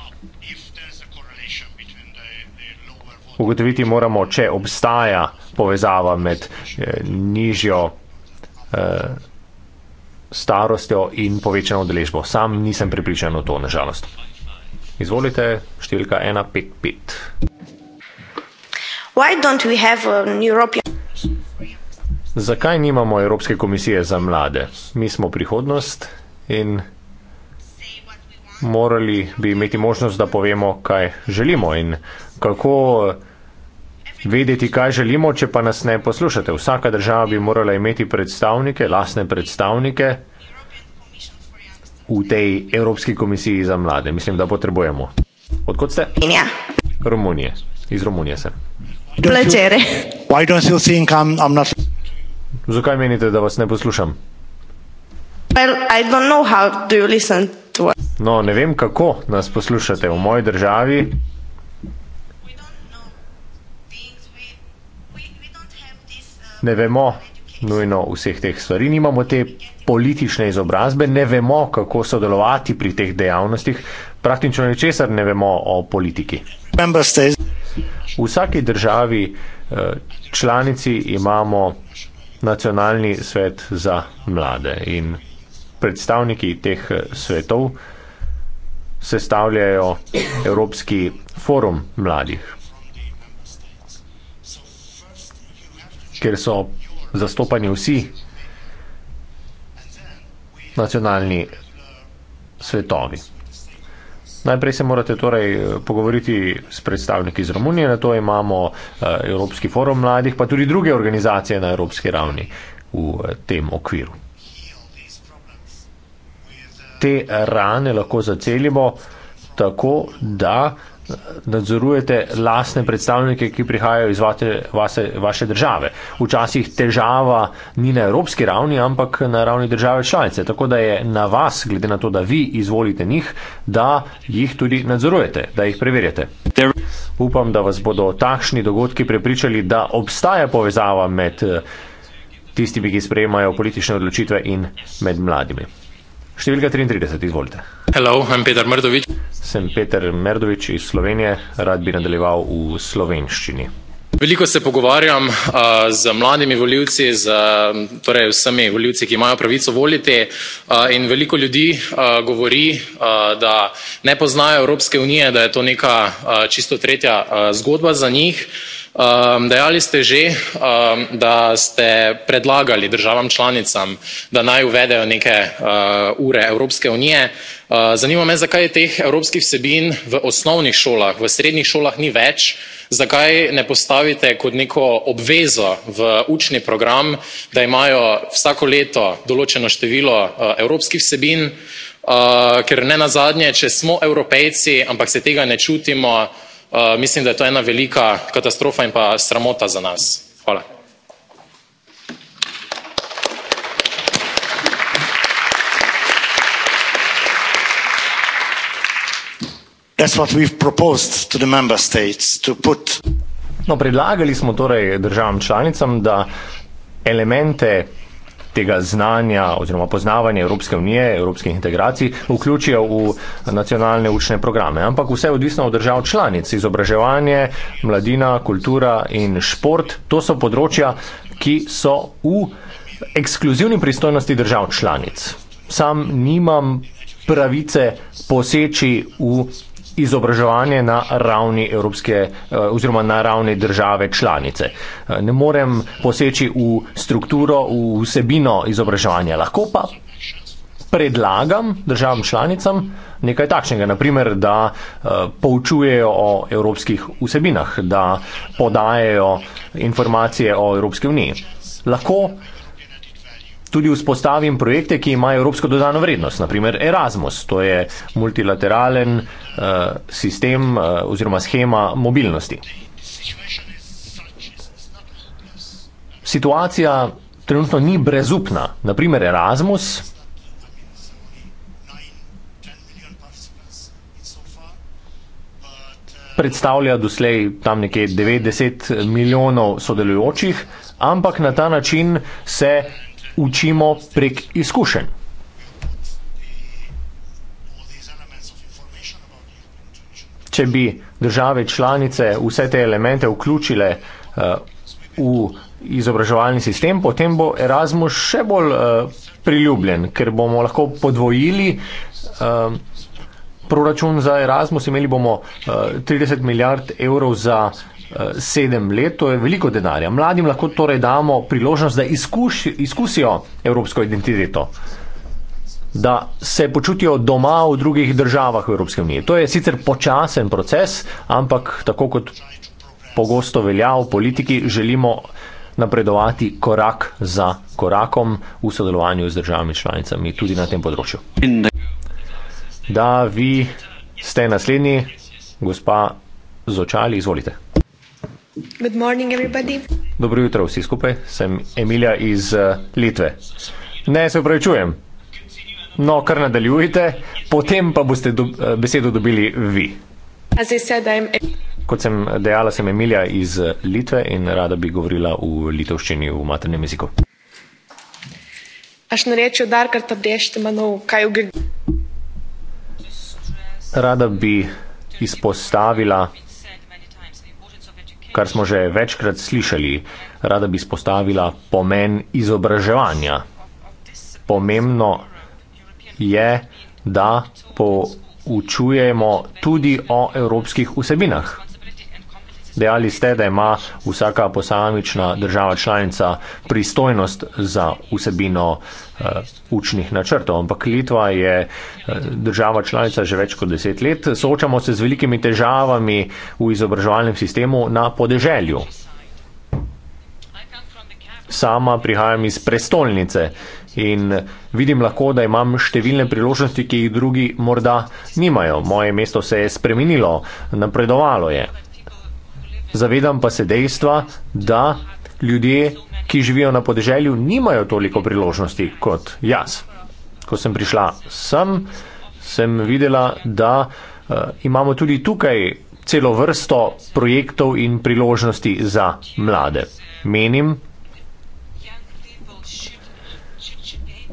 Ugotoviti moramo, če obstaja povezava med eh, nižjo eh, starostjo in povečano udeležbo. Sam nisem pripričan o to, nažalost. Izvolite, številka 155. Zakaj nimamo Evropske komisije za mlade? Mi smo prihodnost in morali bi imeti možnost, da povemo, kaj želimo in kako vedeti, kaj želimo, če pa nas ne poslušate. Vsaka država bi morala imeti predstavnike, lasne predstavnike v tej Evropski komisiji za mlade. Mislim, da potrebujemo. Odkud ste? Ja. Romunije. Iz Romunije sem. Plečere. Zakaj menite, da vas ne poslušam? Well, no, ne vem, kako nas poslušate v moji državi. Ne vemo nujno vseh teh stvari, nimamo te politične izobrazbe, ne vemo, kako sodelovati pri teh dejavnostih, praktično ničesar ne vemo o politiki. V vsaki državi eh, članici imamo nacionalni svet za mlade in predstavniki teh eh, svetov sestavljajo Evropski forum mladih, ker so zastopani vsi nacionalni svetovi. Najprej se morate torej eh, pogovoriti s predstavniki iz Romunije, na to imamo eh, Evropski forum mladih, pa tudi druge organizacije na evropski ravni v eh, tem okviru. Te rane lahko zacelimo tako, da nadzorujete lastne predstavnike, ki prihajajo iz vate, vase, vaše države. Včasih težava ni na evropski ravni, ampak na ravni države članice. Tako da je na vas, glede na to, da vi izvolite njih, da jih tudi nadzorujete, da jih preverjate. Upam, da vas bodo takšni dogodki prepričali, da obstaja povezava med eh, tistimi, ki sprejemajo politične odločitve in med mladimi. Številka 33, izvolite. Hello, I'm Peter Merdovič. Sem Peter Merdovič iz Slovenije, rad bi nadaljeval v slovenščini. Veliko se pogovarjam uh, z mladimi voljivci, z torej vsemi voljivci, ki imajo pravico voliti uh, in veliko ljudi uh, govori, uh, da ne poznajo Evropske unije, da je to neka uh, čisto tretja uh, zgodba za njih. Uh, Um, dejali ste že, um, da ste predlagali državam članicam, da naj uvedejo neke uh, ure Evropske unije. Uh, zanima me, zakaj je teh evropskih vsebin v osnovnih šolah, v srednjih šolah ni več, zakaj ne postavite kot neko obvezo v učni program, da imajo vsako leto določeno število uh, evropskih vsebin, uh, ker ne na zadnje, če smo evropejci, ampak se tega ne čutimo, Uh, mislim, da je to ena velika katastrofa in pa sramota za nas. Hvala. That's what we've proposed to the member states to put. No, predlagali smo torej državam članicam, da elemente tega znanja oziroma poznavanja Evropske unije, evropskih integracij vključijo v nacionalne učne programe. Ampak vse je odvisno od držav članic. Izobraževanje, mladina, kultura in šport, to so področja, ki so v ekskluzivni pristojnosti držav članic. Sam nimam pravice poseči v izobraževanje na ravni evropske eh, oziroma na ravni države članice. Eh, ne morem poseči v strukturo, v vsebino izobraževanja, lahko pa predlagam državam članicam nekaj takšnega, naprimer, da eh, poučujejo o evropskih vsebinah, da podajajo informacije o Evropske unije. Lahko tudi vzpostavim projekte, ki imajo evropsko dodano vrednost, naprimer Erasmus, to je multilateralen uh, sistem uh, oziroma schema mobilnosti. Situacija trenutno ni brezupna, naprimer Erasmus. predstavlja doslej tam nekje 90 milijonov sodelujočih, ampak na ta način se učimo prek izkušenj. Če bi države članice vse te elemente vključile uh, v izobraževalni sistem, potem bo Erasmus še bolj uh, priljubljen, ker bomo lahko podvojili uh, proračun za Erasmus, imeli bomo uh, 30 milijard evrov za uh, Eh, sedem let, to je veliko denarja. Mladim lahko torej damo priložnost, da izkuši, izkusijo evropsko identiteto, da se počutijo doma v drugih državah v Evropske unije. To je sicer počasen proces, ampak tako kot pogosto velja v politiki, želimo napredovati korak za korakom v sodelovanju z državami članicami tudi na tem področju. Da vi ste naslednji, gospa Zočali, izvolite. Dobro jutro vsi skupaj, sem Emilija iz eh, Litve. Ne, se upravičujem. No, kar nadaljujte, potem pa boste do, eh, besedo dobili vi. Said, e- Kot sem dejala, sem Emilija iz eh, Litve in rada bi govorila v litovščini, v maternem jeziku. Aš nareči odar, kar ta dešte manov, kaj ugrdi. Rada bi izpostavila kar smo že večkrat slišali, rada bi spostavila pomen izobraževanja. Pomembno je, da poučujemo tudi o evropskih vsebinah. Dejali ste, da ima vsaka posamična država članica pristojnost za vsebino uh, učnih načrtov, ampak Litva je eh, država članica že več kot deset let. Soočamo se z velikimi težavami v izobraževalnem sistemu na podeželju. Sama prihajam iz prestolnice in vidim lahko, da imam številne priložnosti, ki jih drugi morda nimajo. Moje mesto se je spremenilo, napredovalo je. Zavedam pa se dejstva, da ljudje, ki živijo na podeželju, nimajo toliko priložnosti kot jaz. Ko sem prišla sem, sem videla, da uh, imamo tudi tukaj celo vrsto projektov in priložnosti za mlade. Menim,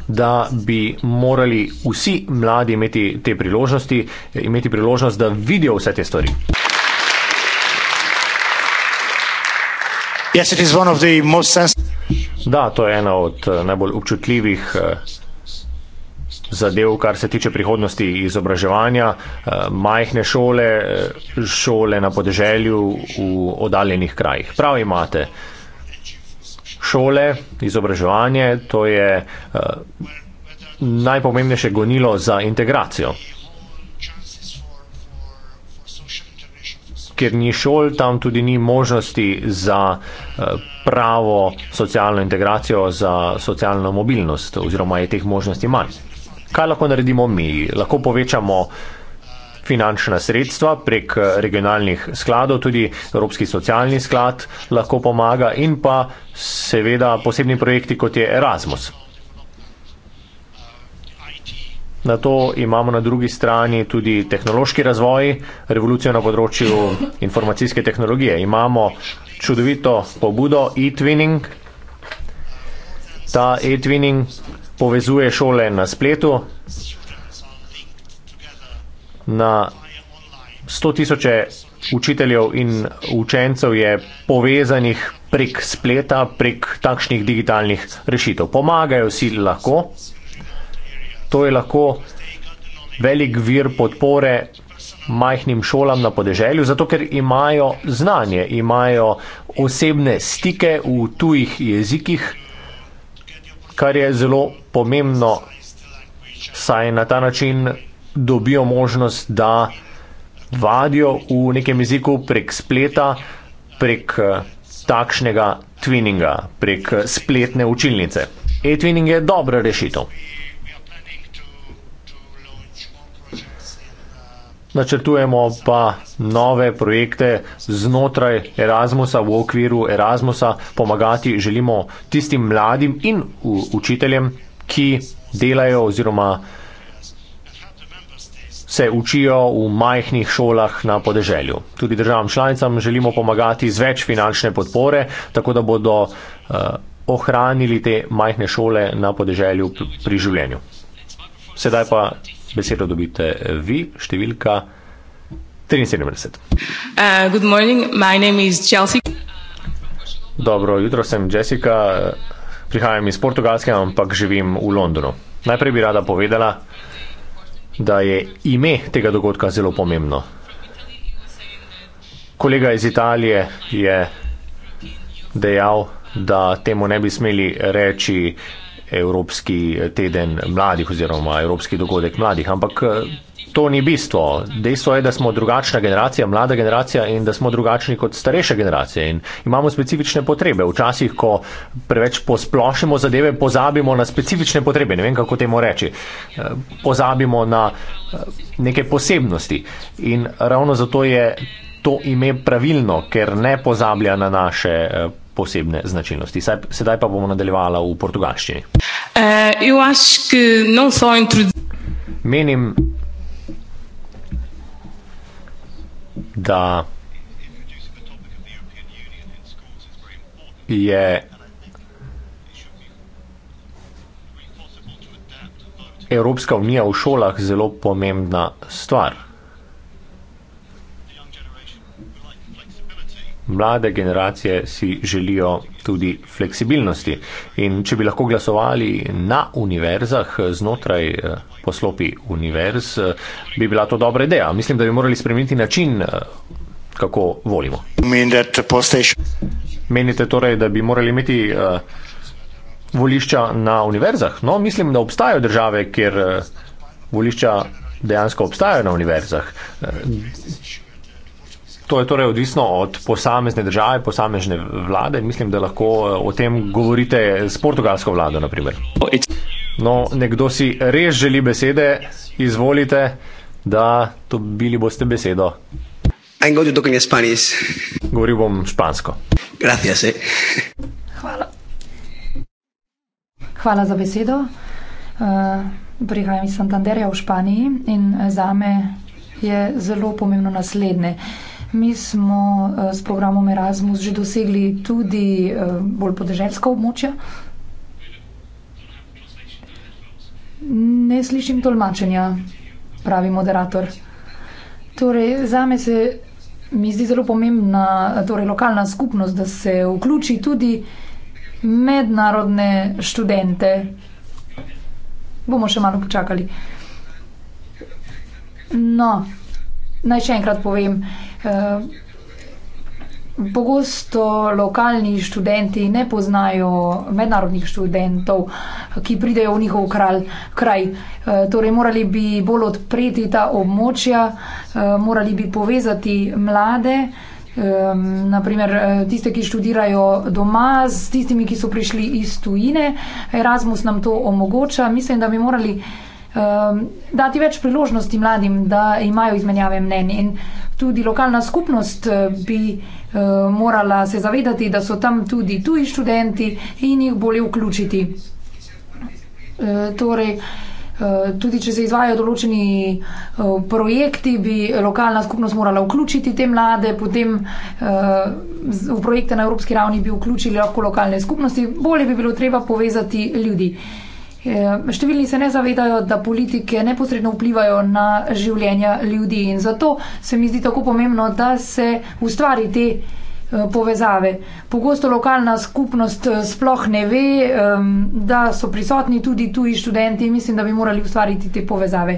da bi morali vsi mladi imeti te priložnosti, imeti priložnost, da vidijo vse te stvari. Da, to je ena od eh, najbolj občutljivih eh, zadev, kar se tiče prihodnosti izobraževanja. Eh, majhne šole, šole na podeželju v odaljenih krajih. Prav imate. Šole, izobraževanje, to je najpomembnejše gonilo za integracijo. kjer ni šol, tam tudi ni možnosti za eh, pravo socialno integracijo, za socialno mobilnost, oziroma je teh možnosti manj. Kaj lahko naredimo mi? Lahko povečamo finančna sredstva prek eh, regionalnih skladov, tudi Evropski socialni sklad lahko pomaga in pa seveda posebni projekti, kot je Erasmus. Na to imamo na drugi strani tudi tehnološki razvoj, revolucijo na področju informacijske tehnologije. Imamo čudovito pobudo e-twinning. Ta e-twinning povezuje šole na spletu. Na 100 tisoče učiteljev in učencev je povezanih prek spleta, prek takšnih digitalnih rešitev. Pomagajo si lahko, To je lahko velik vir podpore majhnim šolam na podeželju, zato ker imajo znanje, imajo osebne stike v tujih jezikih, kar je zelo pomembno, saj na ta način dobijo možnost, da vadijo v nekem jeziku prek spleta, prek eh, takšnega tvininga, prek eh, spletne učilnice. E-tvining je dobra rešitev. načrtujemo pa nove projekte znotraj Erasmusa v okviru Erasmusa, pomagati želimo tistim mladim in učiteljem, ki delajo oziroma se učijo v majhnih šolah na podeželju. Tudi državam članicam želimo pomagati z več finančne podpore, tako da bodo uh, ohranili te majhne šole na podeželju pri življenju. Sedaj pa besedo dobite vi, številka 73. Uh, good morning, my name is Chelsea. Dobro jutro, sem Jessica, prihajam iz Portugalske, ampak živim v Londonu. Najprej bi rada povedala, da je ime tega dogodka zelo pomembno. Kolega iz Italije je dejal, da temu ne bi smeli reči Evropski eh, teden mladih oziroma Evropski dogodek mladih, ampak eh, to ni bistvo. Dejstvo je, da smo drugačna generacija, mlada generacija in da smo drugačni kot starejša generacija in imamo specifične potrebe. Včasih, ko preveč posplošimo zadeve, pozabimo na specifične potrebe, ne vem kako temu reči, eh, pozabimo na neke posebnosti in ravno zato je. To ime pravilno, ker ne pozablja na naše posebne značilnosti. Sedaj pa bomo nadaljevala v portugalščini. Uh, Menim, da je Evropska unija v šolah zelo pomembna stvar. mlade generacije si želijo tudi fleksibilnosti. In če bi lahko glasovali na univerzah, znotraj eh, poslopi univerz, eh, bi bila to dobra ideja. Mislim, da bi morali spremeniti način, eh, kako volimo. Menite torej, da bi morali imeti volišča na univerzah? No, mislim, da obstajajo države, kjer volišča dejansko obstajajo na univerzah. To je torej odvisno od posamezne države, posamezne vlade. Mislim, da lahko eh, o tem govorite s portugalsko vlado, naprimer. No, nekdo si res želi besede, izvolite, da dobili boste besedo. Govoril bom špansko. Gracias, eh. Hvala. Hvala za besedo. Uh, prihajam iz Santanderja v Španiji in eh, za me je zelo pomembno naslednje. Uh, Mi smo eh, s programom Erasmus že dosegli tudi eh, bolj podeželska območja. Ne slišim tolmačenja, pravi moderator. Torej, zame se mi zdi zelo pomembna torej, lokalna skupnost, da se vključi tudi mednarodne študente. Bomo še malo počakali. No, Naj še enkrat povem. Eh, pogosto lokalni študenti ne poznajo mednarodnih študentov, ki pridejo v njihov kral, kraj. E, torej, morali bi bolj odpreti ta območja, e, morali bi povezati mlade, e, naprimer tiste, ki študirajo doma, s tistimi, ki so prišli iz tujine. Erasmus nam to omogoča. Mislim, da bi morali um, dati več priložnosti mladim, da imajo izmenjave mnenj. In tudi lokalna skupnost eh, bi uh, morala se zavedati, da so tam tudi tuji študenti in jih bolje vključiti. Uh, torej, Tudi, če se izvajo določeni projekti, bi lokalna skupnost morala vključiti te mlade, potem v projekte na evropski ravni bi vključili lahko lokalne skupnosti. Bolje bi bilo treba povezati ljudi. Eh, številni se ne zavedajo, da politike neposredno vplivajo na življenja ljudi in zato se mi zdi tako pomembno, da se ustvari te eh, povezave. Pogosto lokalna skupnost eh, sploh ne ve, ehm, da so prisotni tudi tuji študenti in mislim, da bi morali ustvariti te povezave.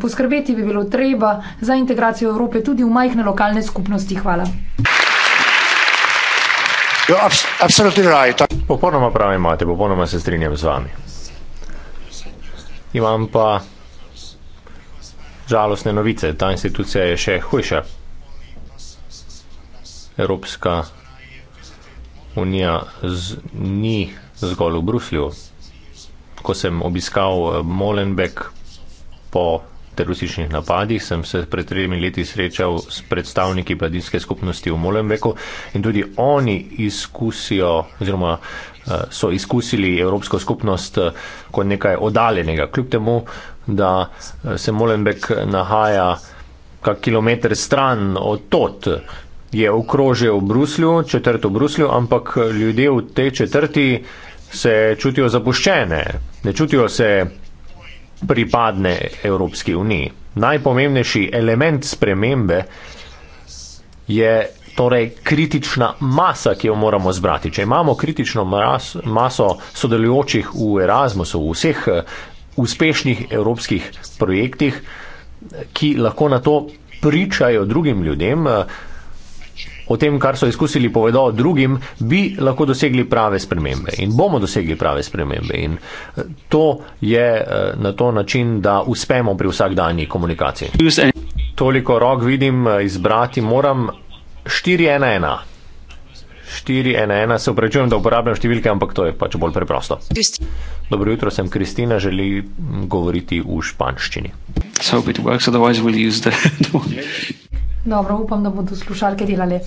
Poskrbeti bi bilo treba za integracijo Evrope tudi v majhne lokalne skupnosti. Hvala. Absolutno right. prav imate, popolnoma se strinjam z vami imam pa žalostne novice. Ta institucija je še hujša. Evropska unija z, ni zgolj v Bruslju. Ko sem obiskal eh, Molenbeek po terorističnih napadih, sem se pred tremi leti srečal s predstavniki mladinske skupnosti v Molenbeku in tudi oni izkusijo oziroma uh, Eh, so izkusili Evropsko skupnost eh, kot nekaj odaljenega. Kljub temu, da eh, se Molenbek nahaja kak kilometr stran od tot, je okrožil Bruslju, četrto Bruslju, ampak ljudje v tej četrti se čutijo zapuščene, ne čutijo se pripadne Evropski uniji. Najpomembnejši element spremembe je torej kritična masa, ki jo moramo zbrati. Če imamo kritično mas maso sodelujočih v Erasmusu, v vseh eh, uspešnih evropskih projektih, ki lahko na to pričajo drugim ljudem, eh, o tem, kar so izkusili, povedo drugim, bi lahko dosegli prave spremembe in bomo dosegli prave spremembe. In eh, to je na to način, da uspemo pri vsakdanji komunikaciji. Toliko rok vidim izbrati, moram 411, se upravičujem, da uporabljam številke, ampak to je pač bolj preprosto. Dobro jutro, sem Kristina, želi govoriti v španščini. Works, the... Dobro, upam, da bodo slušalke delali.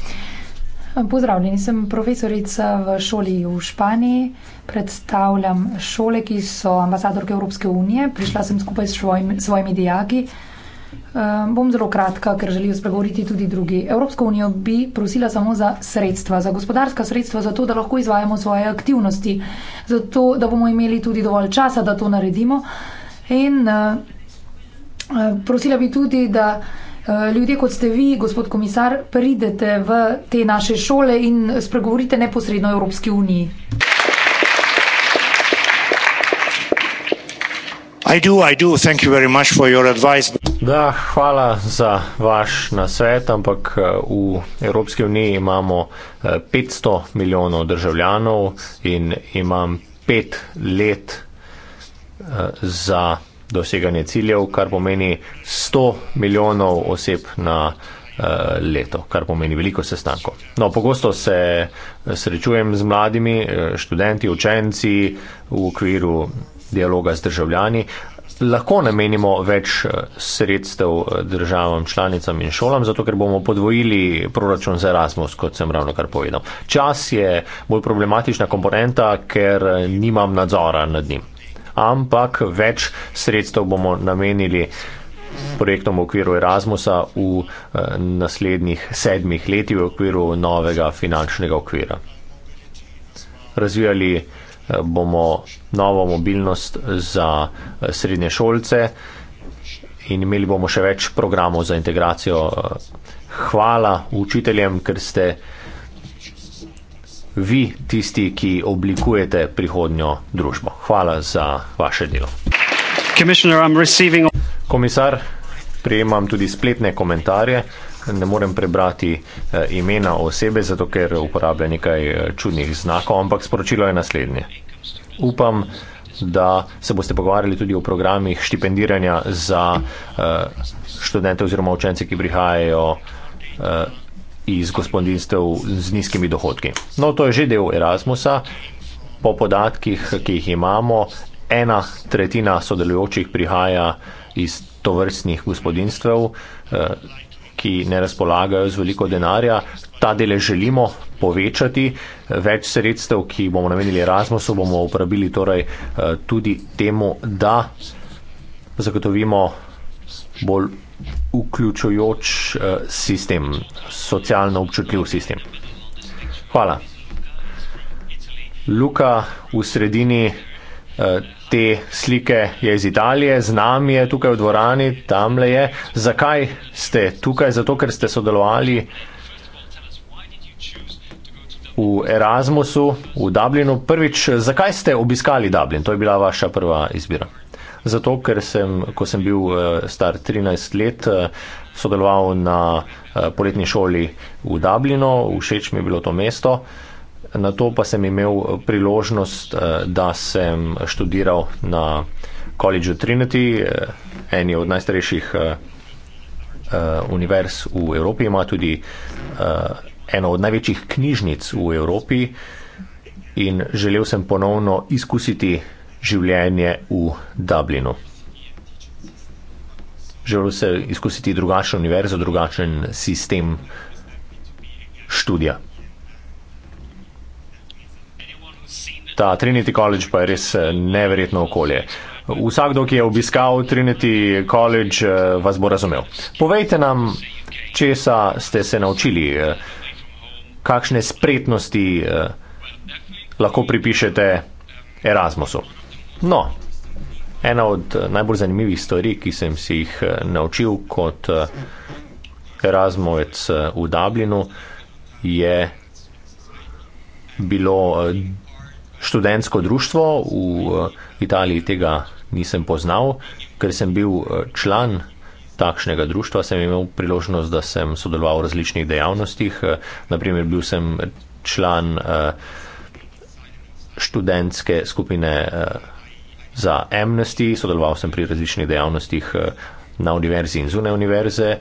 Pozdravljeni, sem profesorica v šoli v Španiji, predstavljam šole, ki so ambasadorke Evropske unije, prišla sem skupaj s svojimi, svojimi dijaki. Ehm, bom zelo kratka, ker želijo spregovoriti tudi drugi. Evropsko unijo bi prosila samo za sredstva, za gospodarska sredstva, za to, da lahko izvajamo svoje aktivnosti, za to, da bomo imeli tudi dovolj časa, da to naredimo. In eh, eh, prosila bi tudi, da eh, ljudje kot ste vi, gospod komisar, pridete v te naše šole in spregovorite neposredno Evropski uniji. I do, I do. Thank you very much for your advice. Da, hvala za vaš nasvet, ampak eh, v Evropski uniji imamo 500 eh, milijonov državljanov in imam pet let eh, za doseganje ciljev, kar pomeni 100 milijonov oseb na leto, kar pomeni veliko sestankov. No, pogosto se srečujem z mladimi, študenti, učenci v okviru dialoga z državljani, lahko namenimo več eh, sredstev eh, državam, članicam in šolam, zato ker bomo podvojili proračun za Erasmus, kot sem ravno kar povedal. Čas je bolj problematična komponenta, ker eh, nimam nadzora nad njim. Ampak več sredstev bomo namenili projektom v okviru Erasmusa v naslednjih sedmih letih v okviru novega finančnega okvira. Razvijali bomo novo mobilnost za eh, srednje šolce in imeli bomo še več programov za integracijo. Hvala učiteljem, ker ste vi tisti, ki oblikujete prihodnjo družbo. Hvala za vaše delo. Komisar, prejemam tudi spletne komentarje ne morem prebrati eh, imena osebe, zato ker uporablja nekaj eh, čudnih znakov, ampak sporočilo je naslednje. Upam, da se boste pogovarjali tudi o programih štipendiranja za eh, študente oziroma učence, ki prihajajo iz gospodinstv z nizkimi dohodki. No, to je že del Erasmusa. Po podatkih, ki jih imamo, ena tretjina sodelujočih prihaja iz tovrstnih gospodinstv, ki ne razpolagajo z veliko denarja. Ta dele želimo povečati, več sredstev, ki bomo namenili Erasmusu, bomo uporabili torej eh, tudi temu, da zagotovimo bolj vključujoč eh, sistem, socialno občutljiv sistem. Hvala. Luka v sredini eh, te slike je iz Italije, z nami je tukaj v dvorani, tam le je. Zakaj ste tukaj? Zato, ker ste sodelovali v Erasmusu, v Dublinu. Prvič, zakaj ste obiskali Dublin? To je bila vaša prva izbira. Zato, ker sem, ko sem bil eh, star 13 let, eh, sodeloval na eh, poletni šoli v Dublinu, všeč mi je bilo to mesto. Na to pa sem imel eh, priložnost, eh, da sem študiral na College of Trinity, eh, eni od najstarejših univerz v Evropi, ima tudi eno od največjih knjižnic v Evropi in želel sem ponovno izkusiti življenje v Dublinu. Želel sem izkusiti drugačno univerzo, drugačen sistem študija. Ta Trinity College pa je res eh, neverjetno okolje. Vsakdo, ki je obiskal Trinity College, eh, vas bo razumel. Povejte nam, česa ste se naučili, eh, kakšne spretnosti lahko pripišete Erasmusu. No, ena od najbolj zanimivih stvari, ki sem si jih naučil kot Erasmovec v Dublinu, je bilo študentsko društvo, v eh, Italiji tega nisem poznal, ker sem bil eh, član takšnega društva, sem imel priložnost, da sem sodeloval v različnih dejavnostih. Eh, Naprimer, bil sem član študentske skupine za Amnesty, sodeloval sem pri različnih dejavnostih na univerzi in zune univerze,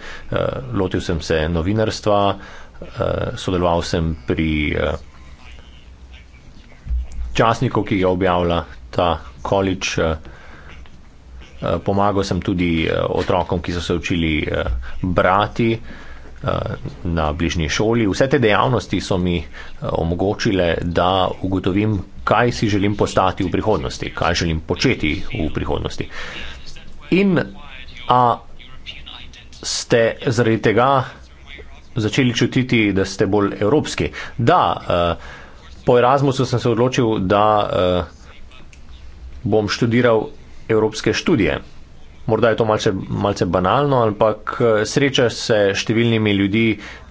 lotil sem se novinarstva, sodeloval sem pri časniku, ki ga objavlja ta količ. Eh, eh, pomagal sem tudi eh, otrokom, ki so se učili brati na bližnji šoli. Vse te dejavnosti so mi omogočile, da ugotovim, kaj si želim postati v prihodnosti, kaj želim početi v prihodnosti. In a ste zaradi tega začeli čutiti, da ste bolj evropski? Da. Uh, Po Erasmusu sem se odločil, da uh, bom študiral evropske študije. Morda je to malce, malce banalno, ampak eh, srečaš se številnimi ljudmi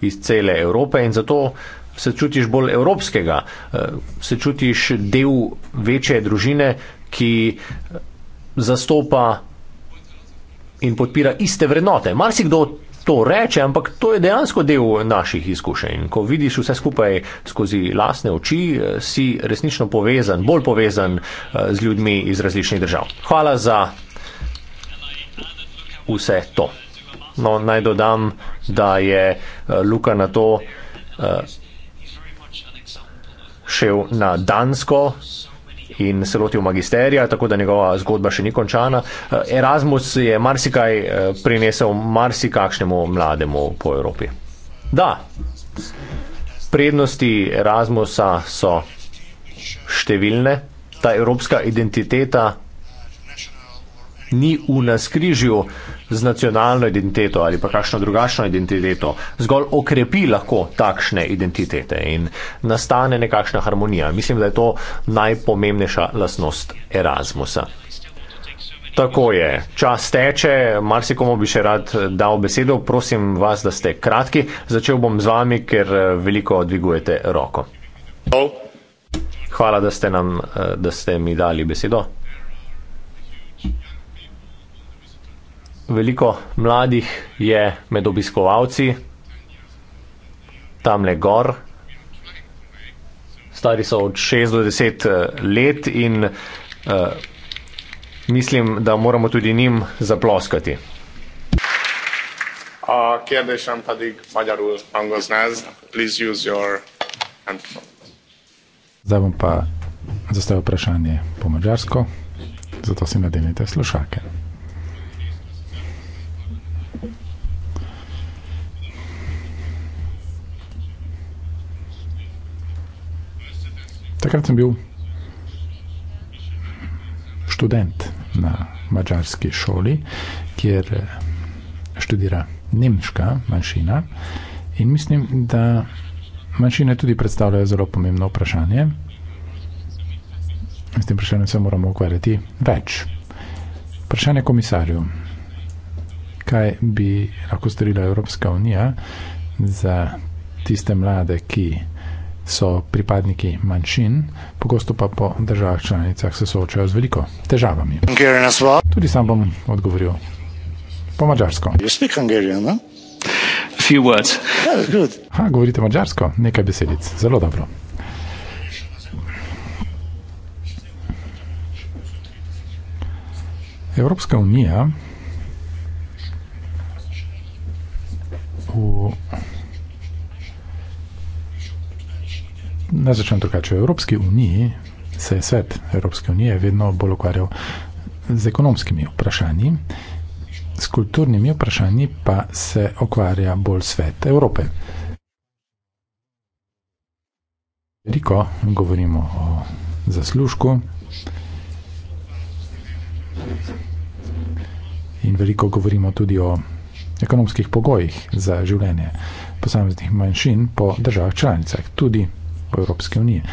iz cele Evrope in zato se čutiš bolj evropskega, uh, se čutiš del večje družine, ki zastopa in podpira iste vrednote. Marsikdo to reče, ampak to je dejansko del naših izkušenj. Ko vidiš vse skupaj skozi lasne oči, eh, si resnično povezan, bolj povezan eh, z ljudmi iz različnih držav. Hvala za vse to. No, naj dodam, da je eh, Luka na to šel na Dansko, in se lotil magisterija, tako da njegova zgodba še ni končana. Eh, Erasmus je marsikaj eh, prinesel marsikakšnemu mlademu po Evropi. Da, prednosti Erasmusa so številne, ta evropska identiteta ni v naskrižju z nacionalno identiteto ali pa kakšno drugačno identiteto, zgolj okrepi lahko takšne identitete in nastane nekakšna harmonija. Mislim, da je to najpomembnejša lasnost Erasmusa. Tako je, čas teče, marsikomu bi še rad dal besedo, prosim vas, da ste kratki, začel bom z vami, ker eh, veliko dvigujete roko. Hvala, da ste, nam, eh, da ste mi dali besedo. veliko mladih je med obiskovalci, tamle gor. Stari so od 6 do 10 eh, let in uh, mislim, da moramo tudi njim zaploskati. Uh, kérdésem pedig magyarul hangozna ez. Please use your handphone. Zdaj bom pa zastavil vprašanje po mađarsko, zato si nadenite slušalke. Takrat sem bil študent na mačarski šoli, kjer eh, študira nemška manjšina in mislim, da manjšine tudi predstavljajo zelo pomembno vprašanje. S tem vprašanjem se moramo ukvarjati več. Vprašanje komisarju. Kaj bi lahko storila Evropska unija za tiste mlade, ki so pripadniki manjšin, pogosto pa po državah članicah se soočajo z veliko težavami. Tudi sam bom odgovoril po mačarsko. No? Ha, govorite mačarsko? Nekaj besedic. Zelo dobro. Evropska unija v Naj začnem drugače. V Evropski uniji se je svet Evropske unije vedno bolj ukvarjal z ekonomskimi vprašanji, s kulturnimi vprašanji pa se ukvarja bolj svet Evrope. Veliko govorimo o zaslužku in veliko govorimo tudi o ekonomskih pogojih za življenje posameznih manjšin po državah članicah. Tudi Evropske unije,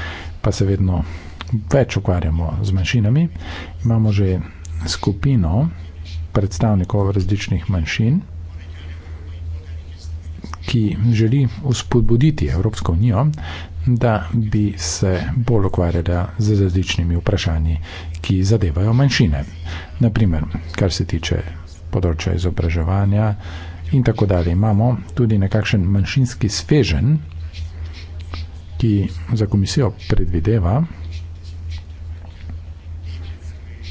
pa se vedno več ukvarjamo z manjšinami. Imamo že skupino predstavnikov različnih manjšin, ki želi uspodbuditi Evropsko unijo, da bi se bolj ukvarjala z različnimi vprašanji, ki zadevajo manjšine. Naprimer, kar se tiče področja izobraževanja in tako dalje. Imamo tudi nekakšen manjšinski svežen ki za komisijo predvideva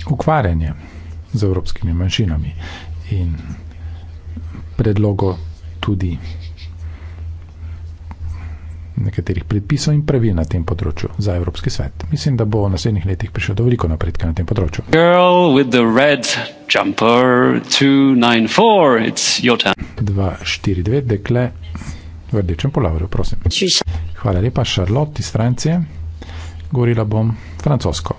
ukvarjanje z evropskimi manjšinami in predlogo tudi nekaterih predpisov in pravil na tem področju za Evropski svet. Mislim, da bo v naslednjih letih prišlo do veliko napredka na tem področju. Girl with the red jumper 294, it's your turn. 249, dekle v rdečem polavru, prosim. Hvala lepa, Charlotte iz Francije. Govorila bom francosko.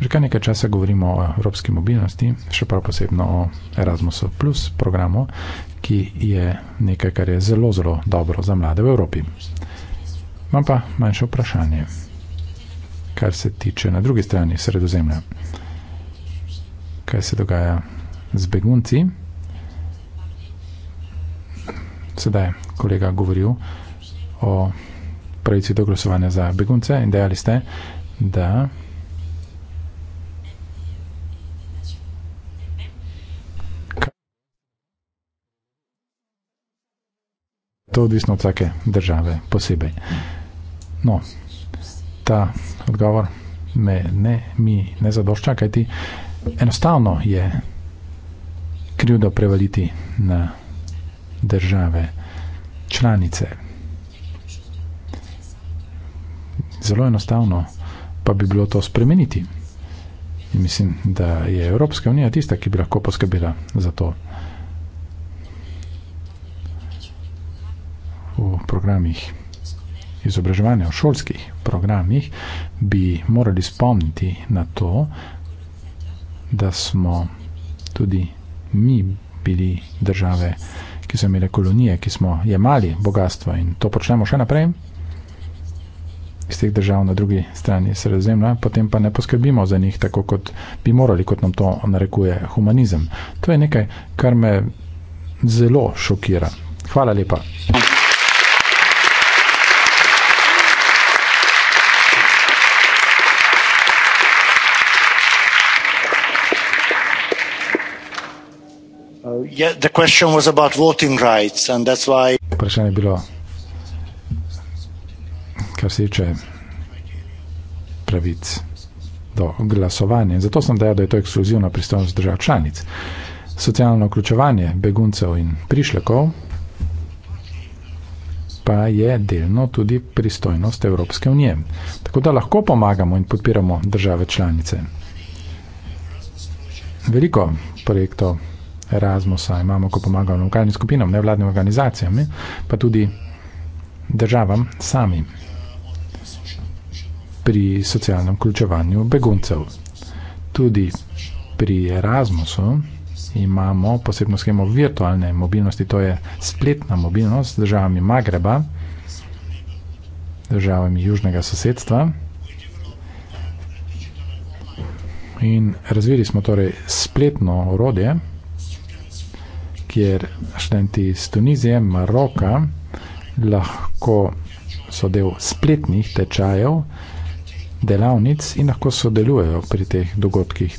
Že kar nekaj časa govorimo o evropski mobilnosti, še prav posebno o Erasmusu Plus programu, ki je nekaj, kar je zelo, zelo dobro za mlade v Evropi. Imam pa manjše vprašanje, kar se tiče na drugi strani sredozemlja. Kaj se dogaja z begunci? sedaj kolega govoril o pravici do glasovanja za begunce in dejali ste, da to odvisno od vsake države posebej. No, ta odgovor me ne, mi ne zadošča, kajti enostavno je krivdo prevaliti na države članice. Zelo enostavno pa bi bilo to spremeniti. In mislim, da je Evropska unija tista, ki bi lahko poskrbela za to. V programih izobraževanja, v šolskih programih bi morali spomniti na to, da smo tudi mi bili države članice ki so imeli kolonije, ki smo jemali bogatstvo in to počnemo še naprej iz teh držav na drugi strani sredozemlja, potem pa ne poskrbimo za njih tako, kot bi morali, kot nam to narekuje humanizem. To je nekaj, kar me zelo šokira. Hvala lepa. Hvala. Yeah, rights, why... Vprašanje je bilo, kar se tiče pravic do glasovanja. Zato sem dejal, da je to ekskluzivna pristojnost držav članic. Socialno vključevanje beguncev in prišlekov pa je delno tudi pristojnost Evropske unije. Tako da lahko pomagamo in podpiramo države članice. Veliko projektov Erasmusa, imamo, ko pomagamo lokalnim skupinam, nevladnim organizacijam, ne? pa tudi državam samim pri socialnem vključevanju beguncev. Tudi pri Erasmusu imamo posebno schemo virtualne mobilnosti, to je spletna mobilnost z državami Magreba, državami južnega sosedstva. In razvili smo torej spletno orodje, kjer študenti iz Tunizije, Maroka lahko so del spletnih tečajev, delavnic in lahko sodelujejo pri teh dogodkih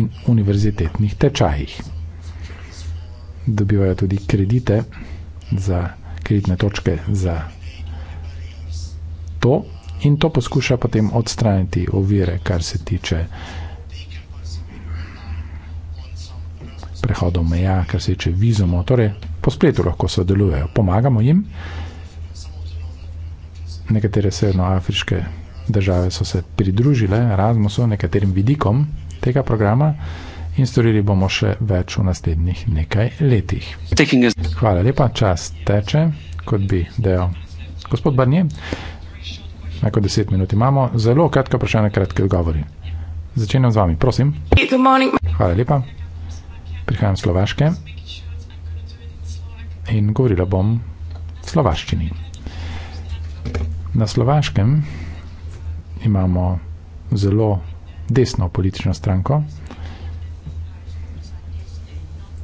in univerzitetnih tečajih. Dobivajo tudi kredite za kreditne točke za to in to poskuša potem odstraniti ovire, kar se tiče prehodov meja, kar se tiče vizumov, torej po spletu lahko sodelujejo, pomagamo jim. Nekatere severnoafriške države so se pridružile Erasmusu, nekaterim vidikom tega programa. In storili bomo še več v naslednjih nekaj letih. Hvala lepa, čas teče, kot bi dejal gospod Barnier. Najko deset minut imamo, zelo kratka vprašanja, kratke odgovori. Začenjam z vami, prosim. Hvala lepa prihajam iz Slovaške in govorila bom v slovaščini. Na Slovaškem imamo zelo desno politično stranko,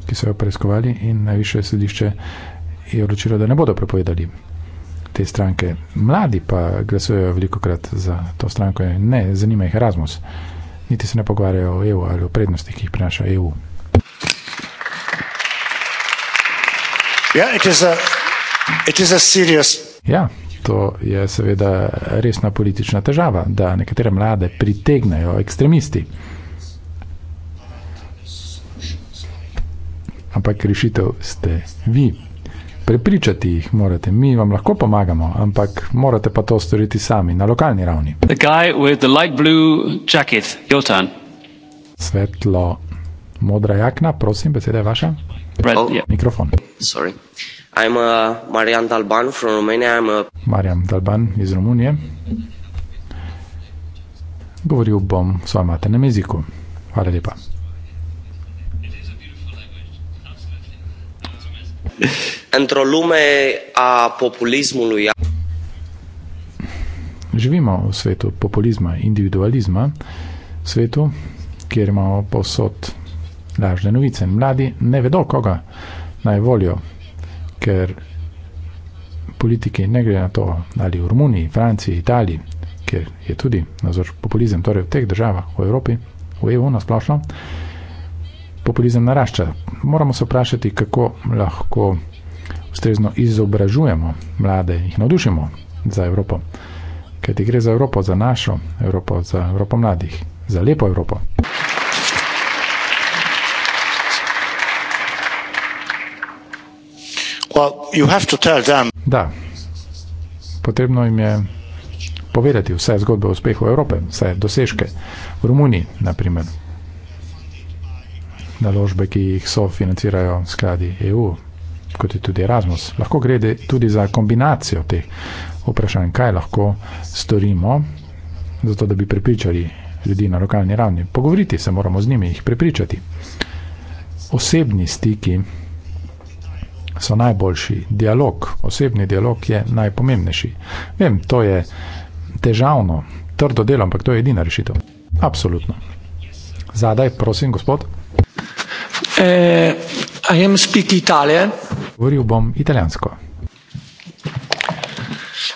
ki so jo preiskovali in najvišje sodišče je odločilo, da ne bodo prepovedali te stranke. Mladi pa glasujejo veliko krat za to stranko. Ne, zanima jih Erasmus. Niti se ne pogovarjajo o EU ali o prednostih, ki jih prinaša EU. Ja, to je seveda resna politična težava, da nekatere mlade pritegnajo ekstremisti. Ampak rešitev ste vi. Prepričati jih morate, mi vam lahko pomagamo, ampak morate pa to storiti sami na lokalni ravni. Jacket, Svetlo, modra jakna, prosim, beseda je vaša. Red, oh. yeah. Microfon. Sorry. I'm uh, Marian Dalban from Romania. I'm a... Marian Dalban iz Rumunije. Govoril bom s vama na jeziku. Hvala lepa. Entro lume a populizmului. Živimo v svetu populizma, individualizma, svetu, kjer imamo posod lažne novice. Mladi ne vedo, koga naj volijo, ker politiki ne gre na to, ali v Romuniji, Franciji, Italiji, ker je tudi nazor populizem, torej v teh državah, v Evropi, v EU nasplošno, populizem narašča. Moramo se vprašati, kako lahko ustrezno izobražujemo mlade, jih navdušimo za Evropo. Kajti gre za Evropo, za našo Evropo, za Evropo mladih, za lepo Evropo. Da, potrebno jim je povedati vse zgodbe o uspehu Evrope, vse dosežke v Romuniji, naprimer. Naložbe, ki jih sofinancirajo skladi EU, kot je tudi Erasmus. Lahko gre tudi za kombinacijo teh vprašanj, kaj lahko storimo, zato da bi prepričali ljudi na lokalni ravni. Pogovoriti se moramo z njimi, jih prepričati. Osebni stiki so najboljši. Dialog, osebni dialog je najpomembnejši. Vem, to je težavno, trdo delo, ampak to je edina rešitev. Absolutno. Zadaj, prosim, gospod. Uh, I am speak Italian. Govoril bom italijansko.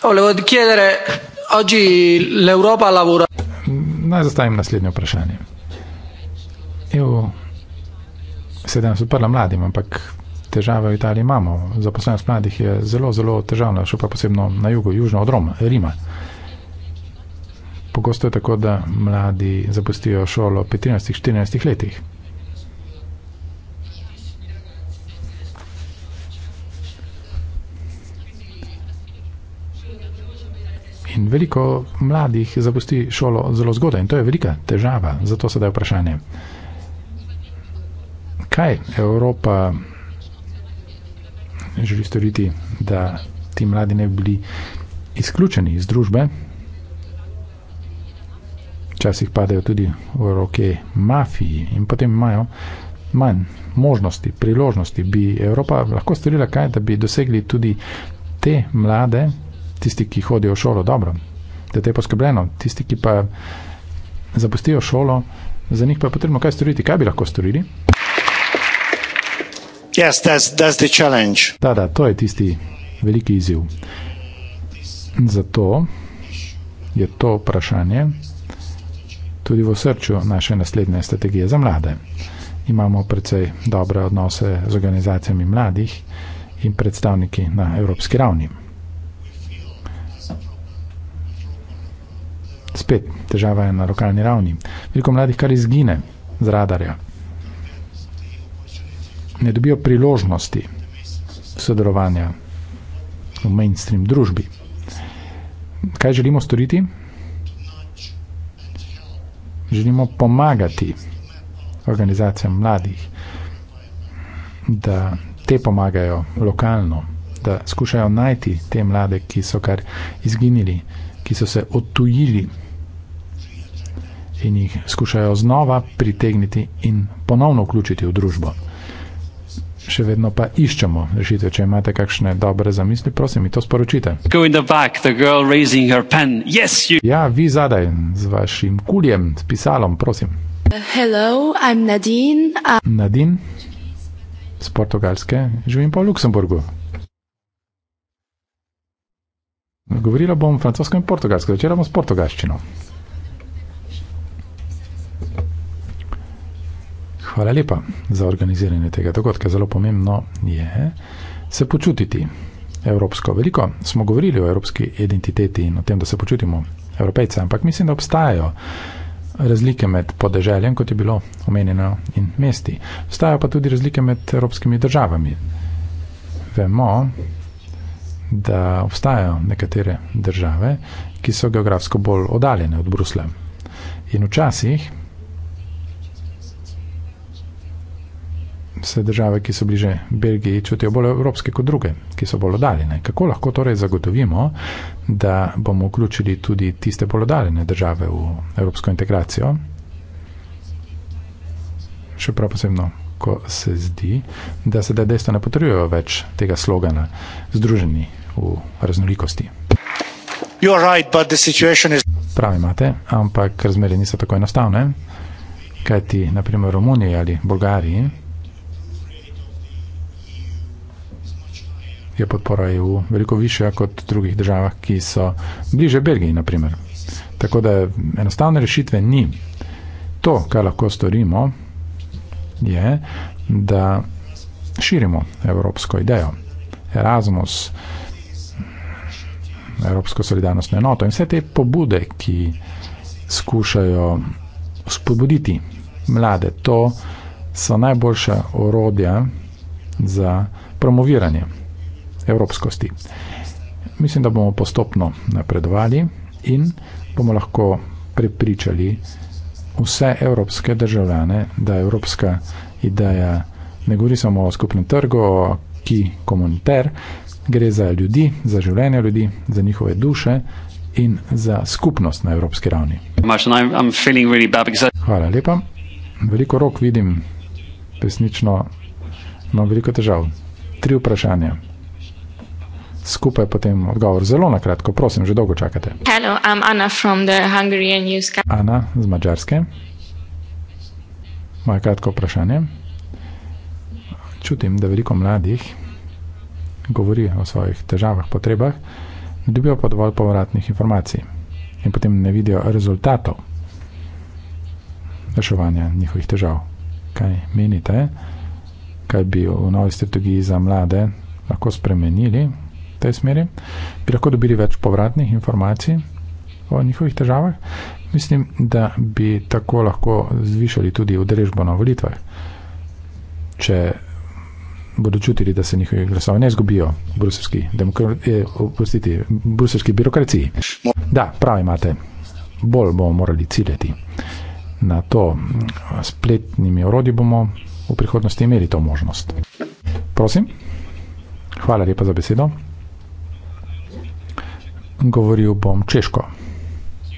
Oh, mm, naj zastavim naslednje vprašanje. Evo, sedaj nas odprla mladim, ampak težave v Italiji imamo. Zaposlenost mladih je zelo, zelo težavna, še pa posebno na jugu, južno od Roma, Rima. Pogosto je tako, da mladi zapustijo šolo v 15-14 letih. In veliko mladih zapusti šolo zelo zgodaj in to je velika težava, zato se da je vprašanje. Kaj Evropa želi storiti, da ti mladi ne bi bili izključeni iz družbe. Včasih padejo tudi v roke mafiji in potem imajo manj možnosti, priložnosti. Bi Evropa lahko storila kaj, da bi dosegli tudi te mlade, tisti, ki hodijo v šolo dobro, da te je poskrbljeno, tisti, ki pa zapustijo šolo, za njih pa je potrebno kaj storiti. Kaj bi lahko storili? Yes, that's, that's da, da, to je tisti veliki izziv. Zato je to vprašanje tudi v srcu naše naslednje strategije za mlade. Imamo precej dobre odnose z organizacijami mladih in predstavniki na evropski ravni. Spet, težava je na lokalni ravni. Veliko mladih kar izgine z radarja ne dobijo priložnosti sodelovanja v mainstream družbi. Kaj želimo storiti? Želimo pomagati organizacijam mladih, da te pomagajo lokalno, da skušajo najti te mlade, ki so kar izginili, ki so se odtujili in jih skušajo znova pritegniti in ponovno vključiti v družbo še vedno pa iščemo rešitve. Če imate kakšne dobre zamisli, prosim, mi to sporočite. Back, yes, you... Ja, vi zadaj z vašim kuljem, s pisalom, prosim. Hello, I'm Nadine. I'm... Nadine, z Portugalske, živim pa v Luksemburgu. Govorila bom francosko in portugalsko, začela bom s portugalščino. Hvala lepa za organiziranje tega dogodka. Zelo pomembno je se počutiti evropsko. Veliko smo govorili o evropski identiteti in o tem, da se počutimo evropejce, ampak mislim, da obstajajo razlike med podeželjem, kot je bilo omenjeno, in mesti. Obstajajo pa tudi razlike med evropskimi državami. Vemo, da obstajajo nekatere države, ki so geografsko bolj oddaljene od Bruslja. In včasih se države, ki so bliže Belgiji, čutijo bolj evropske kot druge, ki so bolj oddaljene. Kako lahko torej zagotovimo, da bomo vključili tudi tiste bolj oddaljene države v evropsko integracijo? Še prav posebno, ko se zdi, da se da dejstvo ne potrjujejo več tega slogana združeni v raznolikosti. Right, is... Prav imate, ampak razmere niso tako enostavne, kajti naprimer v Romuniji ali Bolgariji je podpora EU veliko više kot v drugih državah, ki so bliže Belgiji, naprimer. Tako da enostavne rešitve ni. To, kar lahko storimo, je, da širimo evropsko idejo. Erasmus, Evropsko solidarnostno enoto in vse te pobude, ki skušajo spodbuditi mlade, to so najboljša orodja za promoviranje evropskosti. Mislim, da bomo postopno napredovali in bomo lahko prepričali vse evropske državljane, da je evropska ideja, ne govori samo o skupnem trgu, ki komuniter, gre za ljudi, za življenje ljudi, za njihove duše in za skupnost na evropski ravni. Hvala lepa. Veliko rok vidim, resnično imam veliko težav. Tri vprašanja skupaj potem odgovor. Zelo na kratko, prosim, že dolgo čakate. Hello, Anna, Anna z Mačarske. Moje kratko vprašanje. Čutim, da veliko mladih govori o svojih težavah, potrebah, ne dobijo pa dovolj povratnih informacij in potem ne vidijo rezultatov reševanja njihovih težav. Kaj menite, kaj bi v novi strategiji za mlade lahko spremenili? tej smeri, bi lahko dobili več povratnih informacij o njihovih težavah. Mislim, da bi tako lahko zvišali tudi udeležbo na volitvah, če bodo čutili, da se njihovi glasovi ne izgubijo v bruselski, eh, opustiti, v bruselski birokraciji. Da, prav imate, bolj bomo morali ciljati na to. Spletnimi orodji bomo v prihodnosti imeli to možnost. Prosim, hvala lepa za besedo govoril bom češko.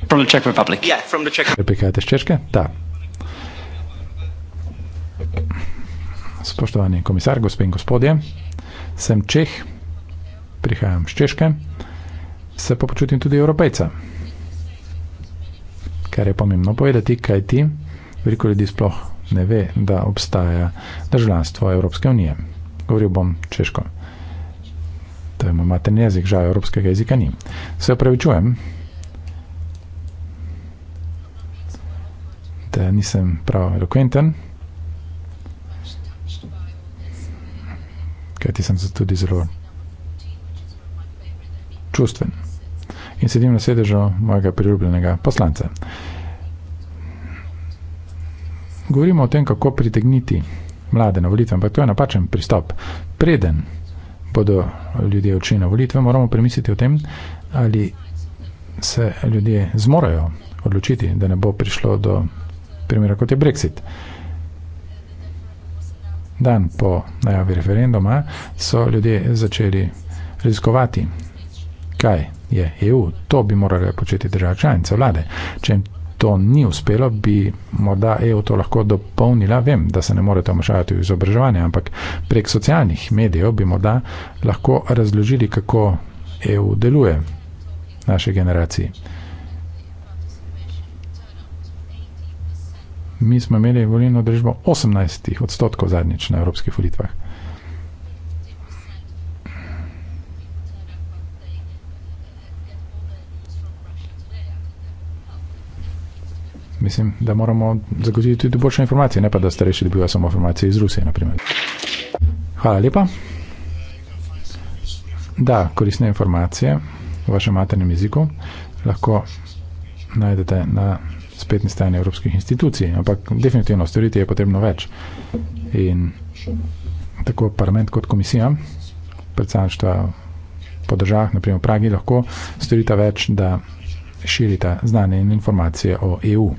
From the Czech Republic. Yeah, from the Czech Republic. Prihajate iz Češke? Da. Spoštovani komisar, gospe in gospodje, sem Čeh, prihajam iz Češke, se pa počutim tudi evropejca. Kar je pomembno povedati, kaj ti, veliko ljudi sploh ne ve, da obstaja državljanstvo Evropske unije. Govoril bom češko to je moj materni jezik, žal evropskega jezika ni. Se opravičujem, da nisem prav elokventen, kajti sem se tudi zelo čustven in sedim na sedežu mojega priljubljenega poslanca. Govorimo o tem, kako pritegniti mlade na volitve, ampak to je napačen pristop. Preden bodo ljudje odšli na volitve, moramo premisliti o tem, ali se ljudje zmorajo odločiti, da ne bo prišlo do primera kot je Brexit. Dan po najavi referenduma so ljudje začeli raziskovati, kaj je EU. To bi morali početi države članice, vlade. Če to ni uspelo, bi morda EU to lahko dopolnila. Vem, da se ne morete vmešavati v izobraževanje, ampak prek socialnih medijev bi morda lahko razložili, kako EU deluje naše generaciji. Mi smo imeli volilno držbo 18 odstotkov zadnjič na evropskih volitvah. Mislim, da moramo zagotoviti tudi boljše informacije, ne pa da starejši dobivajo samo informacije iz Rusije. Naprimer. Hvala lepa. Da, koristne informacije v vašem maternem jeziku lahko najdete na spletni strani evropskih institucij, ampak definitivno storiti je potrebno več. In tako parlament kot komisija, predstavništva po državah, naprimer v Pragi, lahko storita več, da širita znanje in informacije o EU.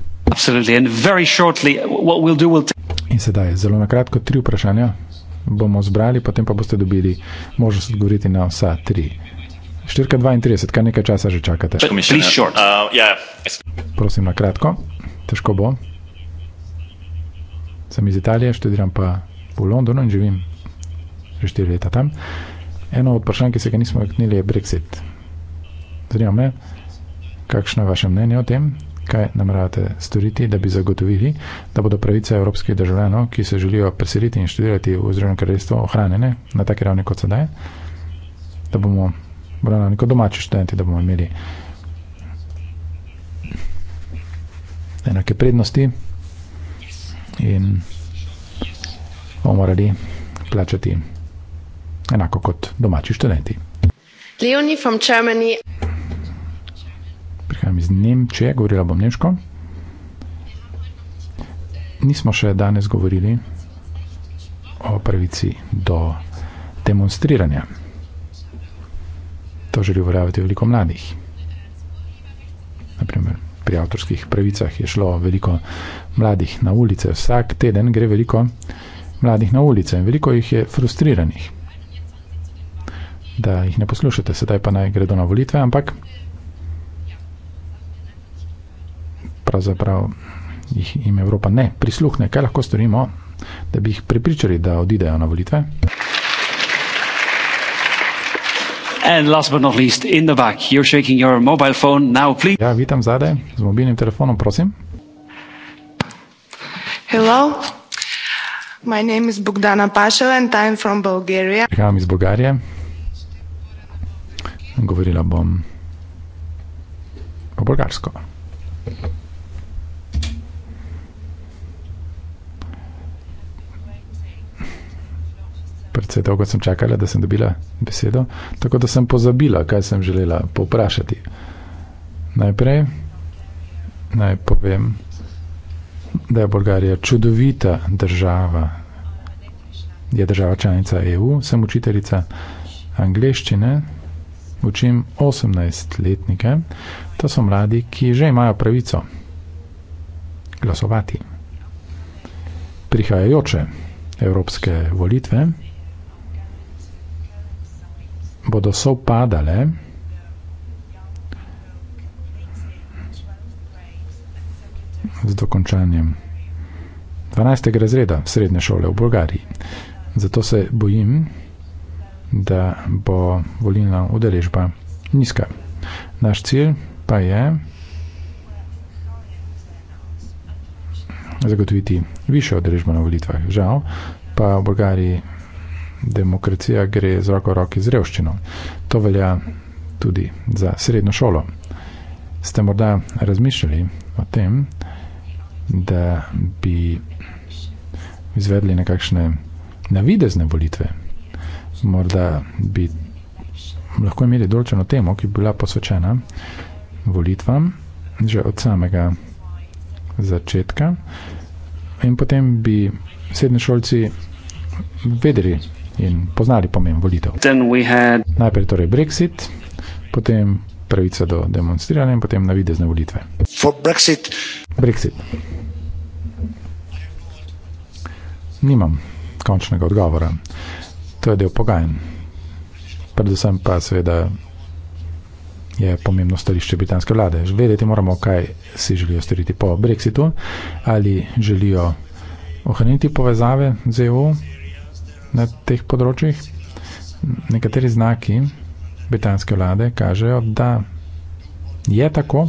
In sedaj, zelo na kratko, tri vprašanja bomo zbrali, potem pa boste dobili možnost odgovoriti na vsa tri. 4.32, kar nekaj časa že čakate. Uh, Prosim, na kratko, težko bo. Sem iz Italije, študiram pa v Londonu in živim že štiri leta tam. Eno od vprašanj, ki se ga nismo vknili, je Brexit. Zanima me, kakšno je vaše mnenje o tem? kaj nameravate storiti, da bi zagotovili, da bodo pravice evropskih državljanov, ki se želijo preseliti in študirati v Združenem kraljestvu, ohranjene na taki ravni kot sedaj, da bomo obravnavali kot domači študenti, da bomo imeli enake prednosti in bomo morali plačati enako kot domači študenti. Leonie from Germany prihajam iz Nemčije, govorila bom nemško. Nismo še danes govorili o pravici do demonstriranja. To želi uveljaviti veliko mladih. Naprimer, pri avtorskih pravicah je šlo veliko mladih na ulice. Vsak teden gre veliko mladih na ulice in veliko jih je frustriranih, da jih ne poslušate. Sedaj pa naj gredo na volitve, ampak pravzaprav jim Evropa ne prisluhne. Kaj lahko storimo, da bi jih pripričali, da odidejo na volitve? In last but not least, in the back, you're shaking your mobile phone now, please. Ja, vidim zadaj z mobilnim telefonom, prosim. Hello, my name is Bogdana Pašel and I'm from Bulgaria. Prihajam iz Bulgarije. Govorila bom po bulgarsko. Predvsej dolgo sem čakala, da sem dobila besedo, tako da sem pozabila, kaj sem želela povprašati. Najprej naj povem, da je Bolgarija čudovita država. Je država članica EU, sem učiteljica angleščine, učim 18-letnike, to so mladi, ki že imajo pravico glasovati. Prihajajoče evropske volitve bodo sovpadale z dokončanjem 12. razreda srednje šole v Bolgariji. Zato se bojim, da bo volilna udeležba nizka. Naš cilj pa je zagotoviti više udeležbo na volitvah. Žal pa v Bolgariji demokracija gre z roko v roki z revščino. To velja tudi za srednjo šolo. Ste morda razmišljali o tem, da bi izvedli nekakšne navidezne volitve? Morda bi lahko imeli določeno temo, ki bi bila posvečena volitvam že od samega začetka in potem bi srednješolci vedeli, in poznali pomen volitev. Had... Najprej torej Brexit, potem pravica do demonstriranja in potem navidezne volitve. Brexit. Brexit. Nimam končnega odgovora. To je del pogajanj. Predvsem pa seveda je pomembno stališče britanske vlade. Vedeti moramo, kaj si želijo storiti po Brexitu, ali želijo ohraniti povezave z EU, na teh področjih. Nekateri znaki britanske vlade kažejo, da je tako,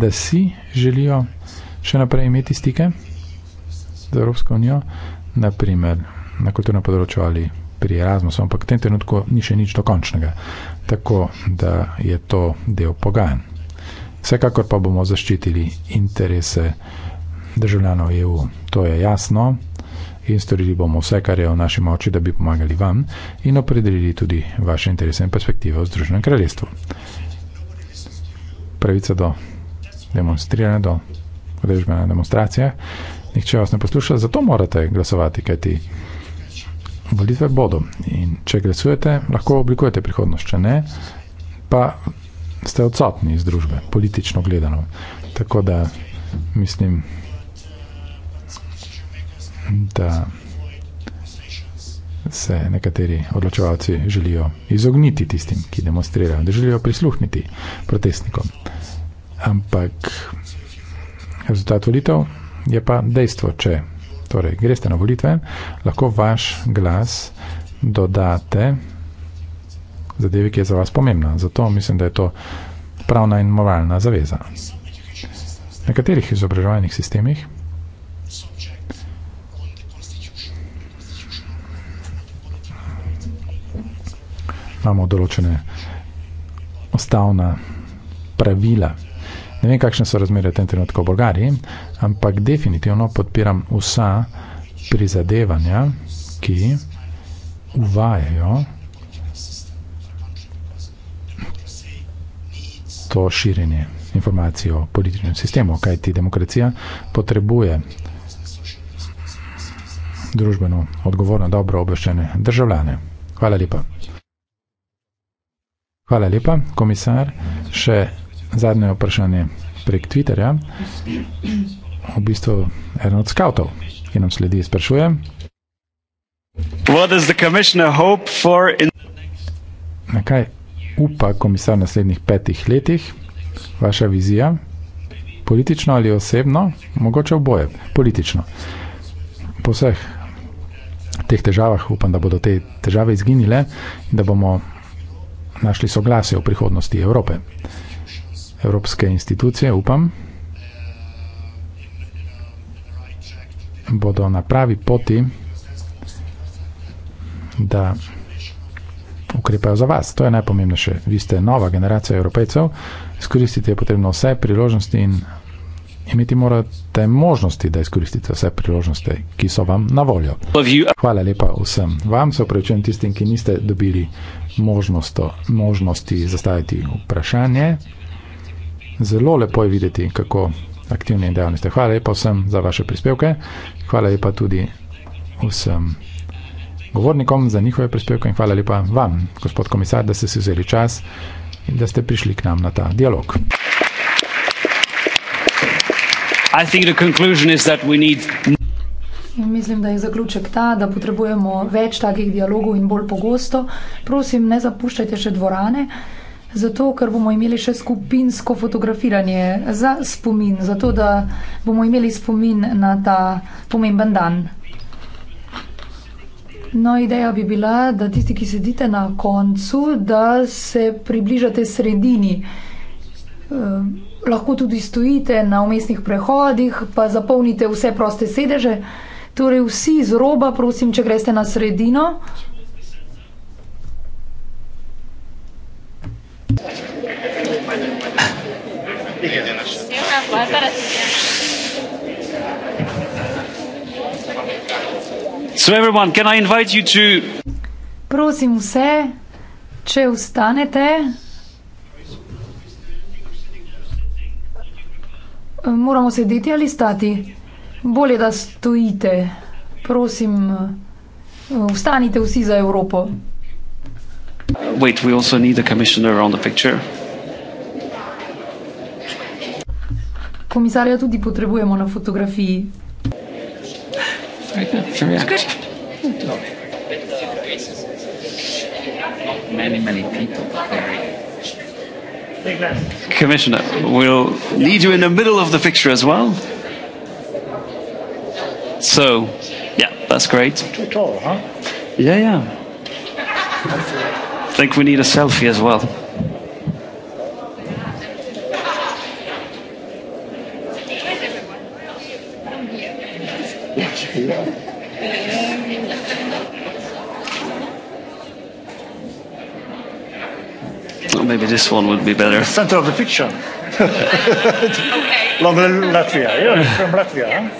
da si želijo še naprej imeti stike z Evropsko unijo, naprimer na kulturnem področju ali pri Erasmusu, ampak v tem trenutku ni še nič dokončnega, tako da je to del pogajanj. Vsekakor pa bomo zaščitili interese državljanov EU. To je jasno, in storili bomo vse, kar je v naši moči, da bi pomagali vam in opredelili tudi vaše interese in perspektive v Združenem kraljestvu. Pravica do demonstriranja, do udeležbe na demonstracijah. Nihče vas ne posluša, zato morate glasovati, kajti volitve bodo. In če glasujete, lahko oblikujete prihodnost, če ne, pa ste odsotni iz družbe, politično gledano. Tako da mislim, da se nekateri odločevalci želijo izogniti tistim, ki demonstrirajo, da želijo prisluhniti protestnikom. Ampak rezultat volitev je pa dejstvo, če torej, greste na volitve, lahko vaš glas dodate zadevi, ki je za vas pomembna. Zato mislim, da je to pravna in moralna zaveza. V nekaterih izobraževalnih sistemih imamo določene ostavna pravila. Ne vem, kakšne so razmere v tem trenutku v Bolgariji, ampak definitivno podpiram vsa prizadevanja, ki uvajajo to širjenje informacij o političnem sistemu, kajti demokracija potrebuje družbeno odgovorno dobro obveščene državljane. Hvala lepa. Hvala lepa, komisar. Še zadnje vprašanje prek Twitterja. V bistvu eden od skautov, ki nam sledi, sprašuje. Na kaj upa komisar v naslednjih petih letih, vaša vizija, politično ali osebno, mogoče oboje, politično. Po vseh teh težavah upam, da bodo te težave izginile in da bomo našli soglasje v prihodnosti Evrope. Evropske institucije, upam, bodo na pravi poti, da ukrepajo za vas. To je najpomembnejše. Vi ste nova generacija evropejcev, izkoristite je potrebno vse priložnosti in imeti morate možnosti, da izkoristite vse priložnosti, ki so vam na voljo. Hvala lepa vsem. Vam se opravičujem tistim, ki niste dobili možnost, možnosti zastaviti vprašanje. Zelo lepo je videti, kako aktivni in dejavni ste. Hvala lepa vsem za vaše prispevke. Hvala lepa tudi vsem govornikom za njihove prispevke in hvala lepa vam, gospod komisar, da ste si vzeli čas in da ste prišli k nam na ta dialog. Mislim, da je zaključek ta, da potrebujemo več takih dialogov in bolj pogosto. Prosim, ne zapuščajte še dvorane, zato ker bomo imeli še skupinsko fotografiranje za spomin, zato da bomo imeli spomin na ta pomemben dan. No, ideja bi bila, da tisti, ki sedite na koncu, da se približate sredini. Uh, lahko tudi stojite na umestnih prehodih, pa zapolnite vse proste sedeže. Torej, vsi z roba, prosim, če greste na sredino. So everyone, can I invite you to... Prosim vse, če vstanete. Moramo sedeti ali stati? Bolje, da stojite. Prosim, vstanite vsi za Evropo. Wait, Komisarja tudi potrebujemo na fotografiji. Right, no, many, many people, Commissioner, we'll need you in the middle of the picture as well. So, yeah, that's great. Too tall, huh? Yeah, yeah. I think we need a selfie as well. Yeah. Maybe this one would be better. The center of the picture. okay. Long Latvia. Yeah, from Latvia. Yes.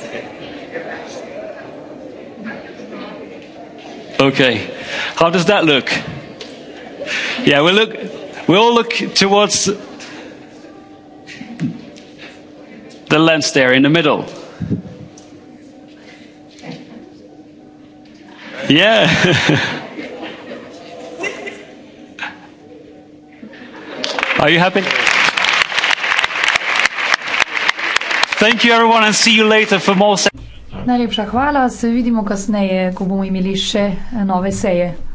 Huh? Okay. How does that look? Yeah, we look. We all look towards the lens there in the middle. Yeah. Are you happy? Thank you everyone and see you later for more Najlepša hvala, se vidimo kasneje, ko bomo imeli še nove seje.